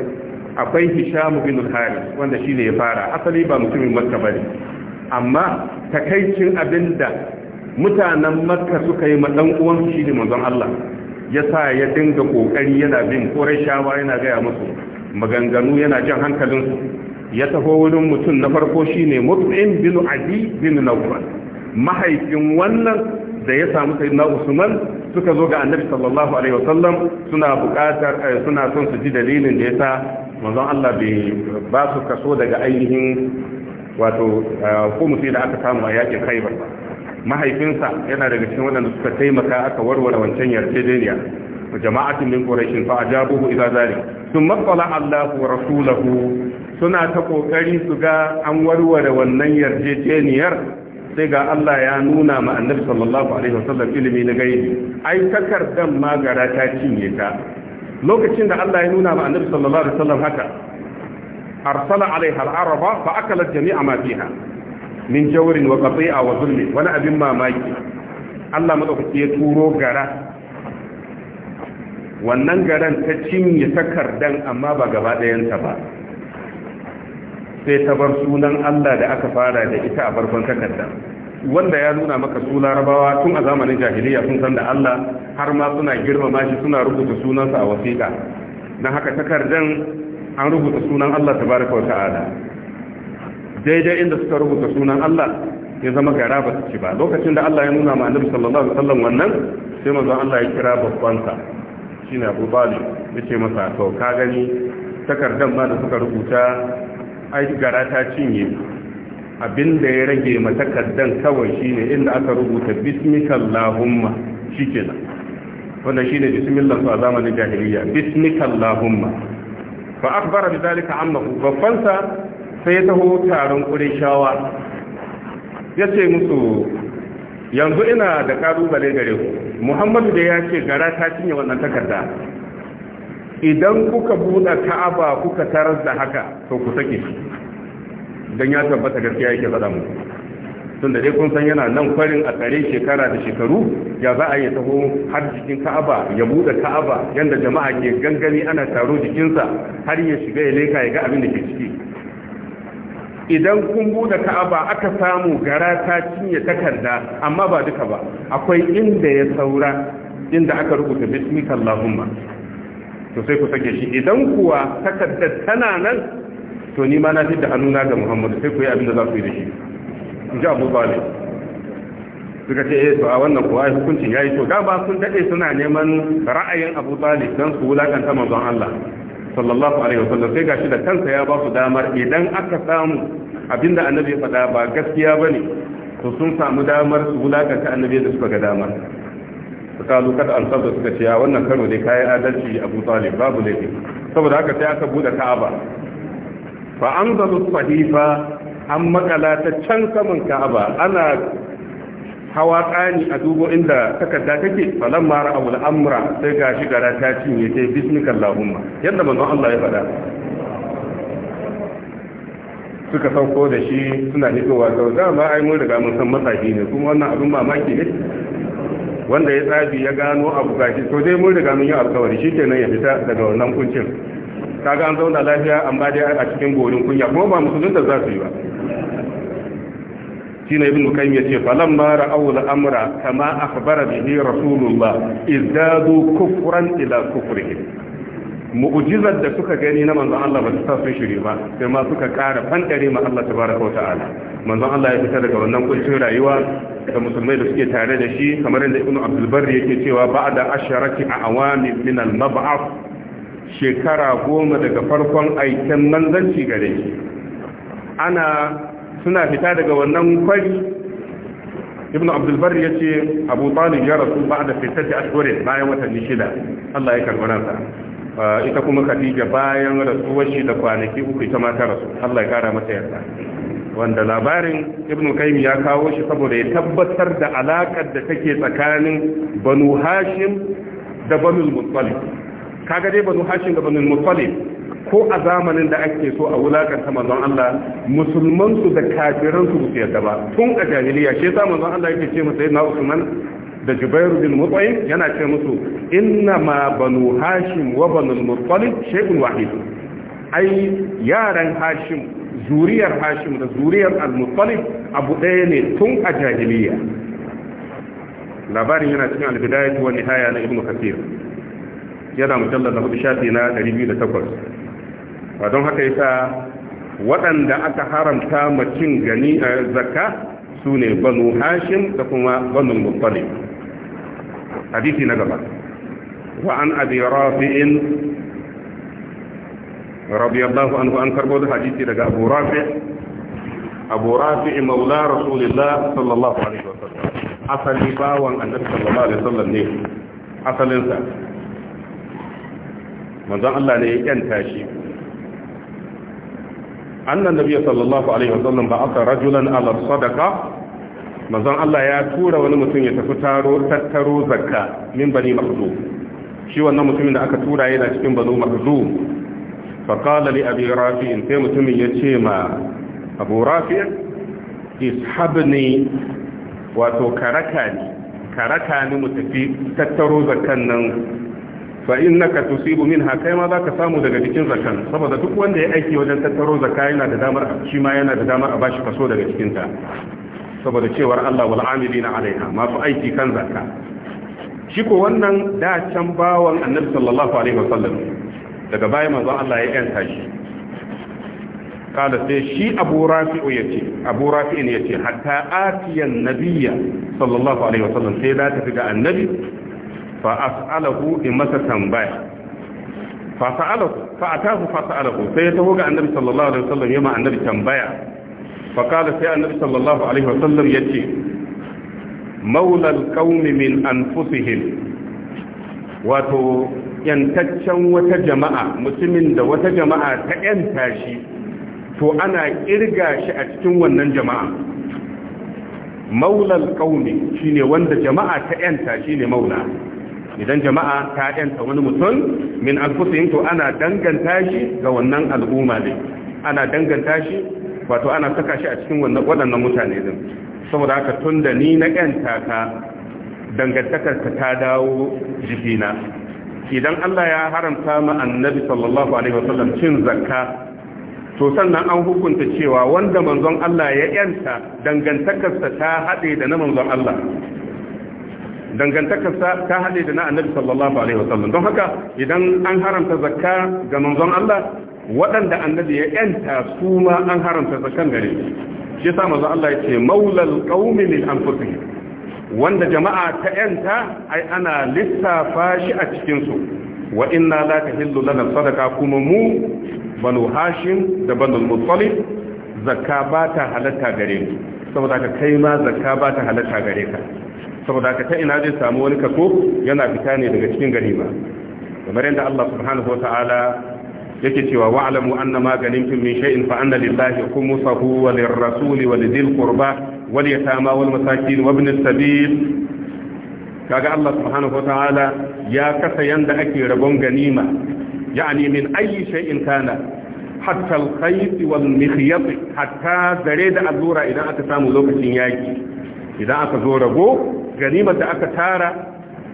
akwai hisham bin al-harith wanda shine ya fara asali ba mutumin makka bane amma takaicin abinda mutanen makka suka yi ma dan uwan shi ne manzon Allah ya sa ya dinga kokari yana bin shawa yana gaya musu maganganu yana jan su ya taho wurin mutum na farko shine mutum bin adi bin nawfal mahaifin wannan da ya samu sayyidina usman suka zo ga annabi sallallahu alaihi wasallam suna buƙatar eh, suna son su ji dalilin da yasa manzon Allah bai ba su kaso daga ainihin wato eh, ko musu da aka samu a yakin Khaibar ba mahaifinsa yana daga cikin waɗanda suka taimaka aka warware wancan yarjejeniya jama'atun min quraishin fa ajabuhu ila zalik thumma qala Allahu wa rasuluhu suna ta kokari su ga an warware wannan yarjejeniyar sai ga Allah ya nuna ma annabi sallallahu alaihi wasallam ilimi na gaibi ai takardan magara ta cinye ta lokacin da Allah ya nuna ma annabi sallallahu alaihi wasallam haka arsala alaiha al-araba fa akalat jami'a ma fiha min jawrin wa qati'a wa zulmi wani abin mamaki Allah madaukaki ya turo gara wannan garan ta cinye takardan amma ba gaba ta ba sai ta bar sunan Allah da aka fara da ita a farkon takarda. wanda ya nuna maka su larabawa tun a zamanin jahiliya sun san da Allah har ma suna girmama shi suna rubuta sunansa a wasiƙa don haka takardan an rubuta sunan Allah tabaraka wa ta'ala daidai inda suka rubuta sunan Allah ya zama gara ba su ci ba lokacin da Allah ya nuna ma annabi sallallahu alaihi wasallam wannan sai manzon Allah ya kira babban sa shine Abu Talib yace masa to ka gani takardan ma da suka rubuta ai gara ta cinye abinda ya rage ma takardan kawai shine inda aka rubuta bismikallahumma shikenan wannan shine bismillah a zamanin jahiliya bismikallahumma fa akhbara bi dhalika babban sa sai ya taho taron ƙurishawa ya ce musu yanzu ina da ƙalubale gare ku muhammadu da ya ce gara ta cinye wannan takarda idan kuka buɗe ka'aba kuka tarar da haka to ku sake shi don ya tabbata gaskiya yake faɗa mu tun da dai kun san yana nan farin a tsare shekara da shekaru ya za a yi taho har jikin ka'aba ya buɗe ka'aba yadda jama'a ke gangani ana taro jikinsa har ya shiga ya leka ya ga abin da ke ciki idan kun bude ka'aba aka samu gara ta cinye takarda amma ba duka ba akwai inda ya saura inda aka rubuta bismillahumma to sai ku sake shi idan kuwa takardar tana nan to ni ma na ji da hannuna ga Muhammadu sai ku yi abin da za ku yi da shi in ji Abu bali suka ce eh to a wannan kuwa hukuncin yayi to da ba sun dade suna neman ra'ayin Abu Talib dan su wulakanta manzon Allah sallallahu alaihi wasallam sai gashi da kansa ya ba su damar idan aka samu abinda annabi ya faɗa ba gaskiya bane to sun samu damar su wulakanta annabi da suka ga damar kalu kada an sabda suka ce wannan karo ne kayan adalci abu talib babu laifi saboda haka sai aka buɗe ka'aba fa anzalu sahifa an makala ta can saman ka'aba ana hawa tsani a dubo inda takarda take falan mara abul amra sai ga shi gara ta cinye ta bismika allahumma yadda manzon Allah ya faɗa suka sauko da shi suna hitowa sau dama ai mun riga mun san matsafi ne kuma wannan abin mamaki ne wanda ya tsafi ya gano abu gashi to dai mun riga mun yi alkawari kenan ya fita daga wannan kuncin kaga an zauna lafiya amma dai a cikin gorin kunya kuma ba musulun da za su yi ba shi ne ibn kayyim yace falam ma ra'aw al-amra kama akhbara bihi rasulullah izdadu kufran ila kufrihim Mu'ujizar da suka gani na manzon Allah ba ta sun shiri ba sai ma suka ƙara fantare ma Allah tabaraka wa ta'ala manzon Allah ya fita daga wannan kuncin rayuwa da musulmai da suke tare da shi kamar yadda ibn abdul barri yake cewa ba'da asharati awami min al Maba'af shekara goma daga farkon aikin manzanci gare shi ana suna fita daga wannan kwari ibn abdulbar ya ce abu talib ya rasu ba da fitar da ashore bayan watanni shida allah ya karbi ta. Uh, ita kuma khadija bayan rasuwar shi da kwanaki uku ita ma ta rasu allah ya kara mata yarda wanda labarin ibn kaimi ya kawo shi saboda ya tabbatar da alakar da take tsakanin banu hashim da banu mutsalib kaga dai banu hashim da banu mutsalib ko a zamanin da ake so a wulakanta manzon Allah musulman su da kafiran su su yadda ba tun a jahiliya shi yasa manzon Allah yake ce masa sayyidina Usman da Jubair bin Mut'im yana ce musu inna ma banu Hashim wa banu Muttalib shay'un wahid ai yaran Hashim zuriyar Hashim da zuriyar Al-Muttalib abu ɗaya ne tun a jahiliya labarin yana cikin al-bidayah wa nihaya na Ibn Kathir yana mujallar na hudu shafi na 208 ba don haka yasa waɗanda aka haramta macin gani a eh, zakka su ne banu hashim da kuma banu mutane hadisi na gaba wa an abi rafi'in radiyallahu anhu an karbo da hadisi daga abu rafi abu rafi maula rasulillah sallallahu alaihi wasallam asali bawan annabi sallallahu alaihi wasallam ne asalinsa manzon Allah ne ya yanta shi annan nabiya sallallahu alaihi wasallam ba aka rajulan ala sadaqa manzon Allah ya tura wani mutum ya tafi taro tattaro zakka min bani mahdum shi wannan mutumin da aka tura yana cikin banu mahdum fa qala li abi in sai mutumin ya ce ma abu rafi' ishabni wato karaka ni karaka ni mu tafi tattaro zakkan nan ka innaka tusibu haka kai ma zaka samu daga cikin zakan saboda duk wanda ya aiki wajen tattaro zaka yana da damar shi ma yana da damar a bashi kaso daga cikinta ta saboda cewar Allah wal na alaiha masu aiki kan zaka shi ko wannan da can bawan Annabi sallallahu alaihi wasallam daga baya manzo Allah ya yanta shi kada sai shi Abu Rafi'u yace Abu Rafi'in yace hatta atiyan nabiyya sallallahu alaihi wasallam sai da tafi ga annabi fa'as'alahu in masa tambaya fa'as'alahu fa'atahu fa'as'alahu sai ya taho ga annabi sallallahu alaihi wasallam yema annabi tambaya fa qala sai annabi sallallahu alaihi wasallam yace maula alqaumi min anfusihim wato yantaccen wata jama'a musulmin da wata jama'a ta yanta shi to ana kirga shi a cikin wannan jama'a maulal kauni shine wanda jama'a ta yanta ne maula idan jama'a ta yanta wani mutum min alfusin to ana danganta shi ga wannan al'umma ne ana danganta shi wato ana saka shi a cikin waɗannan mutane din saboda haka tun da ni na yanta ka dangantakar ta dawo jikina idan Allah ya haramta ma annabi sallallahu alaihi wasallam cin zakka to sannan an hukunta cewa wanda manzon Allah ya yanta dangantakarsa ta haɗe da na manzon Allah dangantakarsa ta haɗe da na annabi sallallahu alaihi wasallam don haka idan an haramta zakka ga manzon Allah waɗanda annabi ya yanta su ma an haramta zakkan gare shi yasa manzon Allah ya ce maulal qaumi min anfusihim wanda jama'a ta yanta ai ana lissafa shi a cikin su wa inna la tahillu lana sadaqa kuma mu banu hashim da banu muttalib zakka ba ta halatta gare saboda ka kai ma zakka ba ta halatta gare ka saboda ka ta ina zai samu wani kaso yana fita ne daga cikin ganima kamar yadda Allah subhanahu wa ta'ala yake cewa wa'lamu anna maganin ganimtum min shay'in fa anna lillahi khumsahu wa lirrasuli wa lidhil qurba wal yatama wal masakin wa ibn as-sabil kaga Allah subhanahu wataala ya kasa yanda ake rabon ganima yani min ayi shay'in kana hatta al-khayt wal mikhyat hatta zare da allura idan aka samu lokacin yaki idan aka zo rago ganimar da aka tara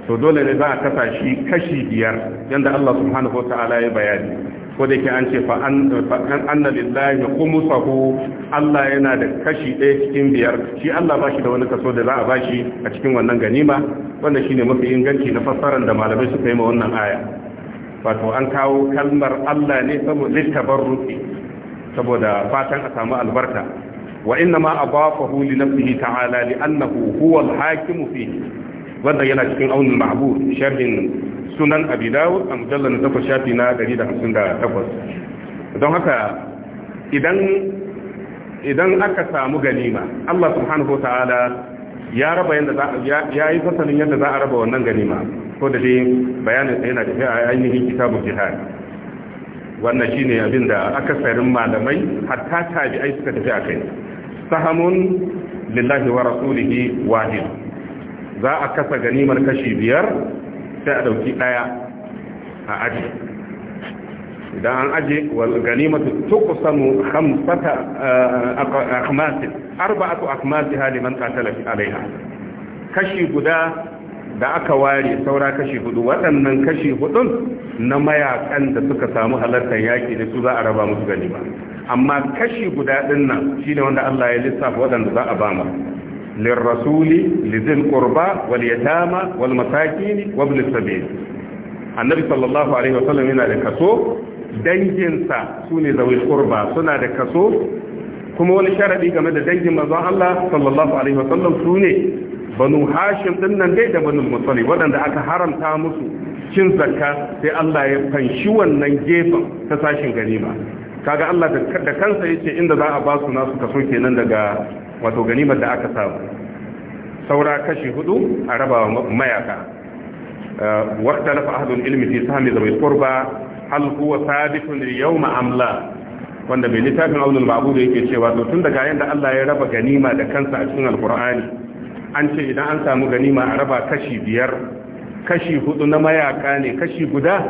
to dole ne za a kasa shi kashi biyar yanda Allah subhanahu wa ta'ala ya bayani ko da yake an ce fa anna lillahi khumsuhu Allah yana da kashi ɗaya cikin biyar shi Allah ba shi da wani kaso da za a bashi a cikin wannan ganima wanda shine mafi inganci na fassarar da malamai suka yi ma wannan aya wato an kawo kalmar Allah ne saboda litabarruki saboda fatan a samu albarka wa inna ma adafahu li nafsihi ta'ala li annahu huwa al-hakim fihi wanda yana cikin aunul ma'bud shafin sunan abi dawud a mujallal na shafi na 158 don haka idan idan aka samu ganima Allah subhanahu wataala ya raba yanda za ya yi fasalin yadda za a raba wannan ganima ko da dai bayanin sa yana tafiya a ainihin kitabul jihad wannan shine abin da akasarin malamai hatta tabi'ai suka tafi a kai sahamun lillahi wa rasulihi wahid za a kasa ganimar kashi biyar sai a dauki daya a aji idan an aji wal ganimatu tuqsamu khamsata eh, akhmas arba'atu akhmas liman qatala fi alaiha kashi guda da aka ware saura kashi hudu waɗannan kashi hudun na mayakan da suka samu halartar yaki da su za a raba musu ganima amma kashi guda ɗin nan shi ne wanda Allah ya lissafa waɗanda za a ba mu lirrasuli lizil qurba wal yatama wal masakin wa bil sabil annabi sallallahu alaihi wasallam yana da kaso danginsa su ne zawil qurba suna da kaso kuma wani sharadi game da dangin manzon Allah sallallahu alaihi wasallam su ne banu hashim din nan dai da banu musalli waɗanda aka haramta musu cin zakka sai Allah ya fanshi wannan gefen ta sashin ganima kaga Allah da kansa yace inda za a ba su nasu kaso kenan daga wato ganimar da aka samu saura kashi hudu a raba mayaka uh, waqta lafa ahlul ilmi fi sahmi zawi qurba hal huwa sadifun yawm amla wanda mai littafin aulul ma'bud yake cewa to tun daga yanda Allah ya raba ganima da kansa a cikin alqur'ani an ce idan an samu ganima a raba kashi biyar kashi hudu na mayaka ne kashi guda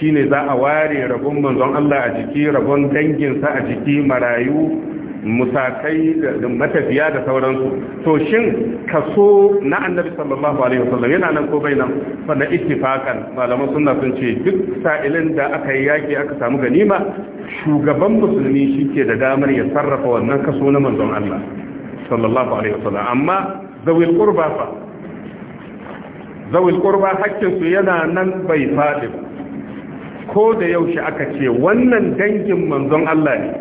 shine za a ware rabon manzon Allah a jiki rabon danginsa a jiki marayu musakai da matafiya da sauransu to shin kaso na annabi sallallahu alaihi wasallam yana nan ko bai nan ittifaqan malaman sunna sun ce duk sa'ilin da aka yi yaki aka samu ganima shugaban musulmi shike da damar ya sarrafa wannan kaso na manzon Allah sallallahu alaihi wasallam amma zawil qurba fa zawil qurba hakkin su yana nan bai faɗi ko da yaushe aka ce wannan dangin manzon Allah ne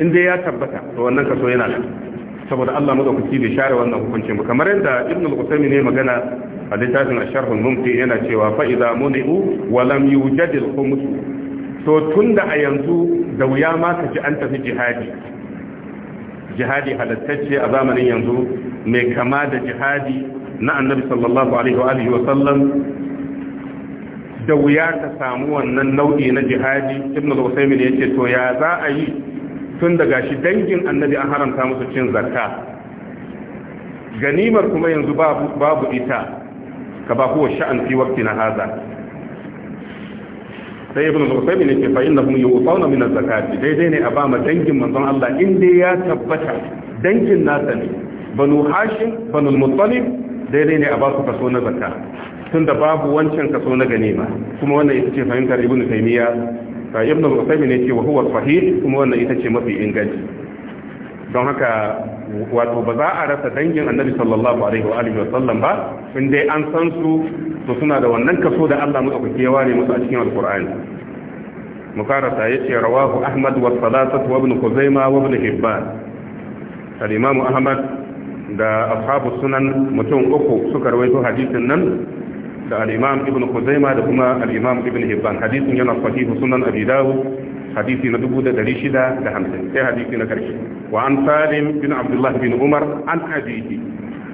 inda ya tabbata to wannan kaso yana nan saboda Allah madaukaki bai share wannan hukunci kamar yadda Ibn al-Qusaymi ne magana a littafin Asharh al-Mumti yana cewa fa idza muni'u wa lam yujad al-khums to tunda a yanzu da wuya ma ka ji an tafi jihadi jihadi halattacce a zamanin yanzu mai kama da jihadi na annabi sallallahu alaihi wa alihi wa sallam da wuya ka samu wannan nau'i na jihadi ibn al-usaymin yace to ya za a yi tun daga shi dangin annabi an haramta musu cin zakka ganimar kuma yanzu babu babu ita ka ba huwa sha'an fi waqtina hadha sai ibn al-usaymin yace fa innahum yu'tawna min az-zakati daidai ne a ba ma dangin manzon Allah in dai ya tabbata dangin nasa ne banu hashim banu al-muttalib daidai ne a ba su kaso na zakka tun da babu wancan kaso na ganima kuma wannan ita ce fahimtar ibn taymiya ibn al-qayyim ne ce wa huwa sahih kuma wannan ita ce mafi inganci don haka wato ba za a rasa dangin annabi sallallahu alaihi wa alihi wa sallam ba in dai an san su to suna da wannan kaso da Allah muka kuke ware musu a cikin alqur'ani mukarata yace rawahu ahmad wa salatatu wa ibn khuzaimah wa ibn hibban al-imam ahmad da ashabu sunan mutum uku suka rawaito hadisin nan da al-imam ibn Khuzaima da kuma al-imam ibn Hibban hadisin yana sahih sunan Abi Dawud hadisi na 1650 sai hadisi na karshe wa an Salim bin Abdullah bin Umar an abihi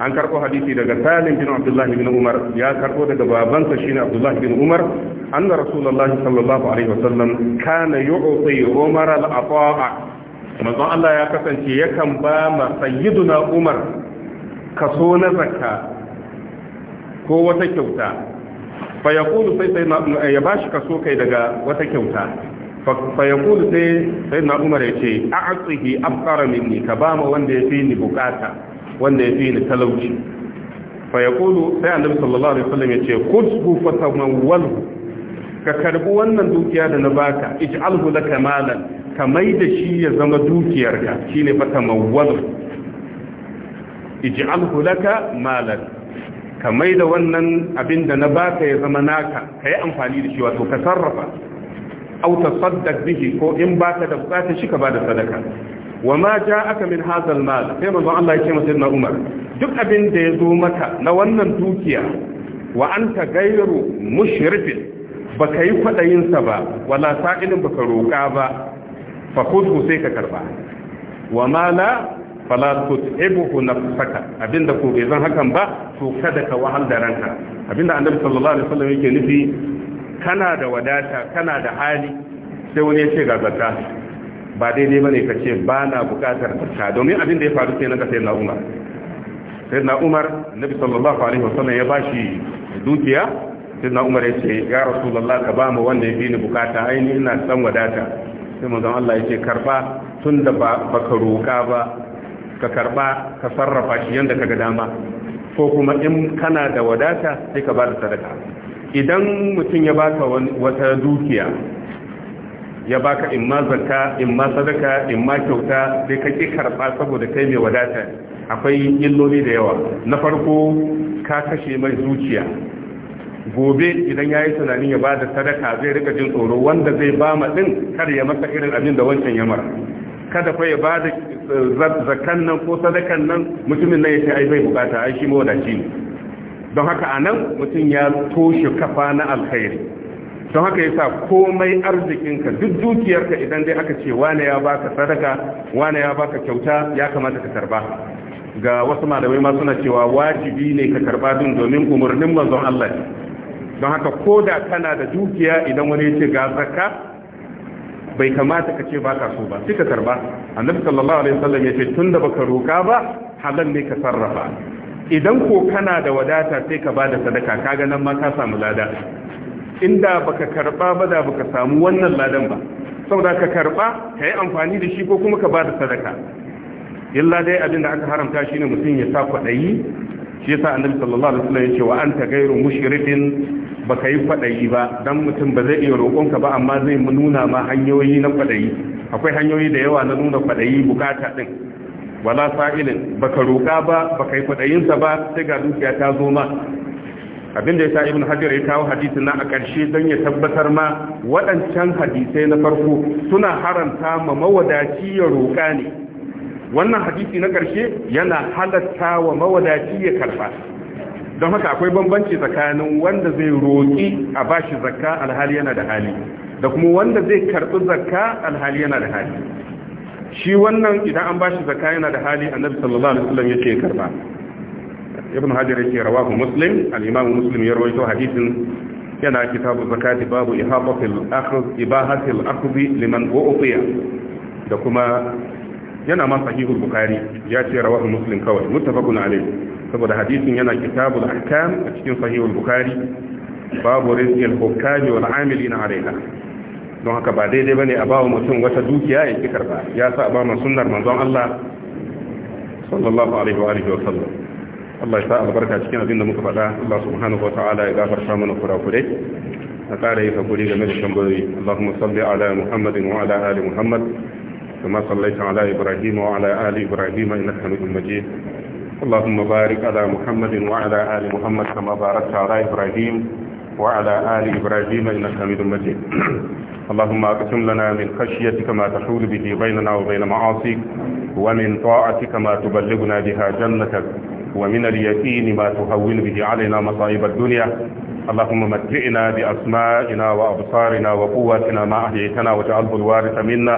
an karbo hadisi daga Salim bin Abdullah bin Umar ya karbo daga babansa shine Abdullah bin Umar anna Rasulullahi sallallahu alaihi wasallam kana yu'ti Umar al-ata'a manzon Allah ya kasance yakan ba ma sayyiduna Umar kaso na zakka ko wata kyauta fa yaqulu sai sai ya bashi kaso kai daga wata kyauta fa yaqulu sai sai na umar yace a'tihi afqara minni ka ba mu wanda yafi ni bukata wanda yafi ni talauci fa yaqulu sai annabi sallallahu alaihi wasallam yace kutbu fatamawwalhu ka karbi wannan dukiya da na baka ij'alhu laka malan ka mai da shi ya zama dukiyarka shine fatamawwalhu ij'alhu laka malan ka maida wannan abin da na baka ya zama naka kai amfani da shi wato ka sarrafa aw tasaddaq bihi ko in baka da bukata shi ka bada sadaka wa ma ja'aka min hadha al sai manzon Allah yake masa na Umar duk abin da ya zo maka na wannan dukiya wa anta ghayru mushrifin baka yi kwadayin sa ba wala sa'ilin baka roka ba fa khudhu sai ka karba wa ma fala tut'ibuhu nafsaka abinda ko bai zan hakan ba to kada ka wahal da ranka abinda annabi sallallahu alaihi wasallam yake nufi kana da wadata kana da hali sai wani ya ce ga zakka ba daidai bane ka ce ba na bukatar zakka domin abinda ya faru kenan ka sai na Umar sai na Umar annabi sallallahu alaihi wasallam ya bashi dukiya sai na Umar ya ce ya rasulullah ka ba mu wanda ya bi ni bukata aini ina san wadata sai manzon Allah ya ce karba tunda ba ka roka ba ka karba ka sarrafa shi yanda kaga dama ko kuma in kana da wadata sai ka bada sadaka idan mutum ya baka wata dukiya ya baka in ma zakka in ma sadaka in ma kyauta sai ka ki karba saboda kai mai wadata akwai illoli da yawa na farko ka kashe mai zuciya gobe idan ya yi tunanin ya ba da sadaka zai rika jin tsoro wanda zai ba ma ɗin kar ya masa irin abin da wancan ya mara kada fa ya ba da eh, zakan nan ko sadakan nan mutumin nan ya ce ai bai bukata ai shi mawadaci ne don haka a nan mutum ya toshe kafa na alkhairi don haka yasa komai arzikinka duk dukiyarka idan dai aka ce wane ya baka sadaka wane ya baka kyauta ya kamata ka karba ga wasu malamai ma suna cewa wajibi ne ka karba din domin umarnin manzon Allah don haka ko da kana da dukiya idan wani ya ce ga zakka bai kamata ka ce ba ka so ba sai ka karba annabi sallallahu alaihi wasallam yace tunda baka roka ba halal ne ka sarrafa idan ko kana da wadata sai ka bada sadaka kaga nan ma ka samu lada inda baka karba ba da baka samu wannan ladan ba saboda ka karba ka yi amfani da shi ko kuma ka bada sadaka illa dai abinda aka haramta shine mutum ya sa kwadayi shi yasa annabi sallallahu alaihi wasallam yace wa anta ghairu mushrifin ba ka yi kwaɗayi ba don mutum ba zai iya roƙonka ba amma zai nuna ma hanyoyi na kwaɗayi akwai hanyoyi da yawa na nuna kwaɗayi bukata ɗin wala fa'ilin ba ka roƙa ba ba ka yi kwaɗayinsa ba sai ga dukiya ta zo ma abinda ya sa ibn hajar ya kawo hadisi na a ƙarshe don ya tabbatar ma waɗancan hadisai na farko suna haramta ma mawadaci ya roƙa ne wannan hadisi na ƙarshe yana halatta wa mawadaci ya karɓa don haka akwai bambanci tsakanin wanda zai roƙi a bashi zakka alhali yana da hali da kuma wanda zai karɓi zakka alhali yana da hali shi wannan idan an bashi zakka yana da hali annabi sallallahu alaihi wasallam yake karba ibn hajar yake rawahu muslim al-imam muslim ya rawaito hadisin yana kitabu zakati babu ihabatil akhdh ibahatil akhdh liman u'tiya da kuma yana ma sahihul bukhari ya ce rawahu muslim kawai muttafaqun alayhi saboda hadisin yana kitabul ahkam a cikin sahihul bukhari babu rizqil hukami wal amilina alaiha don haka ba daidai bane a bawo mutum wata dukiya ya ki karba ya sa ba mu sunnar manzon Allah sallallahu alaihi wa alihi wa sallam Allah ya sa albarka cikin abin da muka faɗa Allah subhanahu wa ta'ala ya gafarta mana kurakurai a ƙara yi hakuri game da tambayoyi Allahumma salli ala Muhammadin wa ala ali Muhammad كما صليت على إبراهيم وعلى آل إبراهيم إنك حميد مجيد اللهم بارك على محمد وعلى آل محمد كما باركت على إبراهيم وعلى آل إبراهيم إنك حميد مجيد اللهم أقسم لنا من خشيتك ما تحول به بيننا وبين معاصيك ومن طاعتك ما تبلغنا بها جنتك ومن اليقين ما تهون به علينا مصائب الدنيا اللهم متئنا بأسمائنا وأبصارنا وقواتنا ما أحييتنا وجعله الوارث منا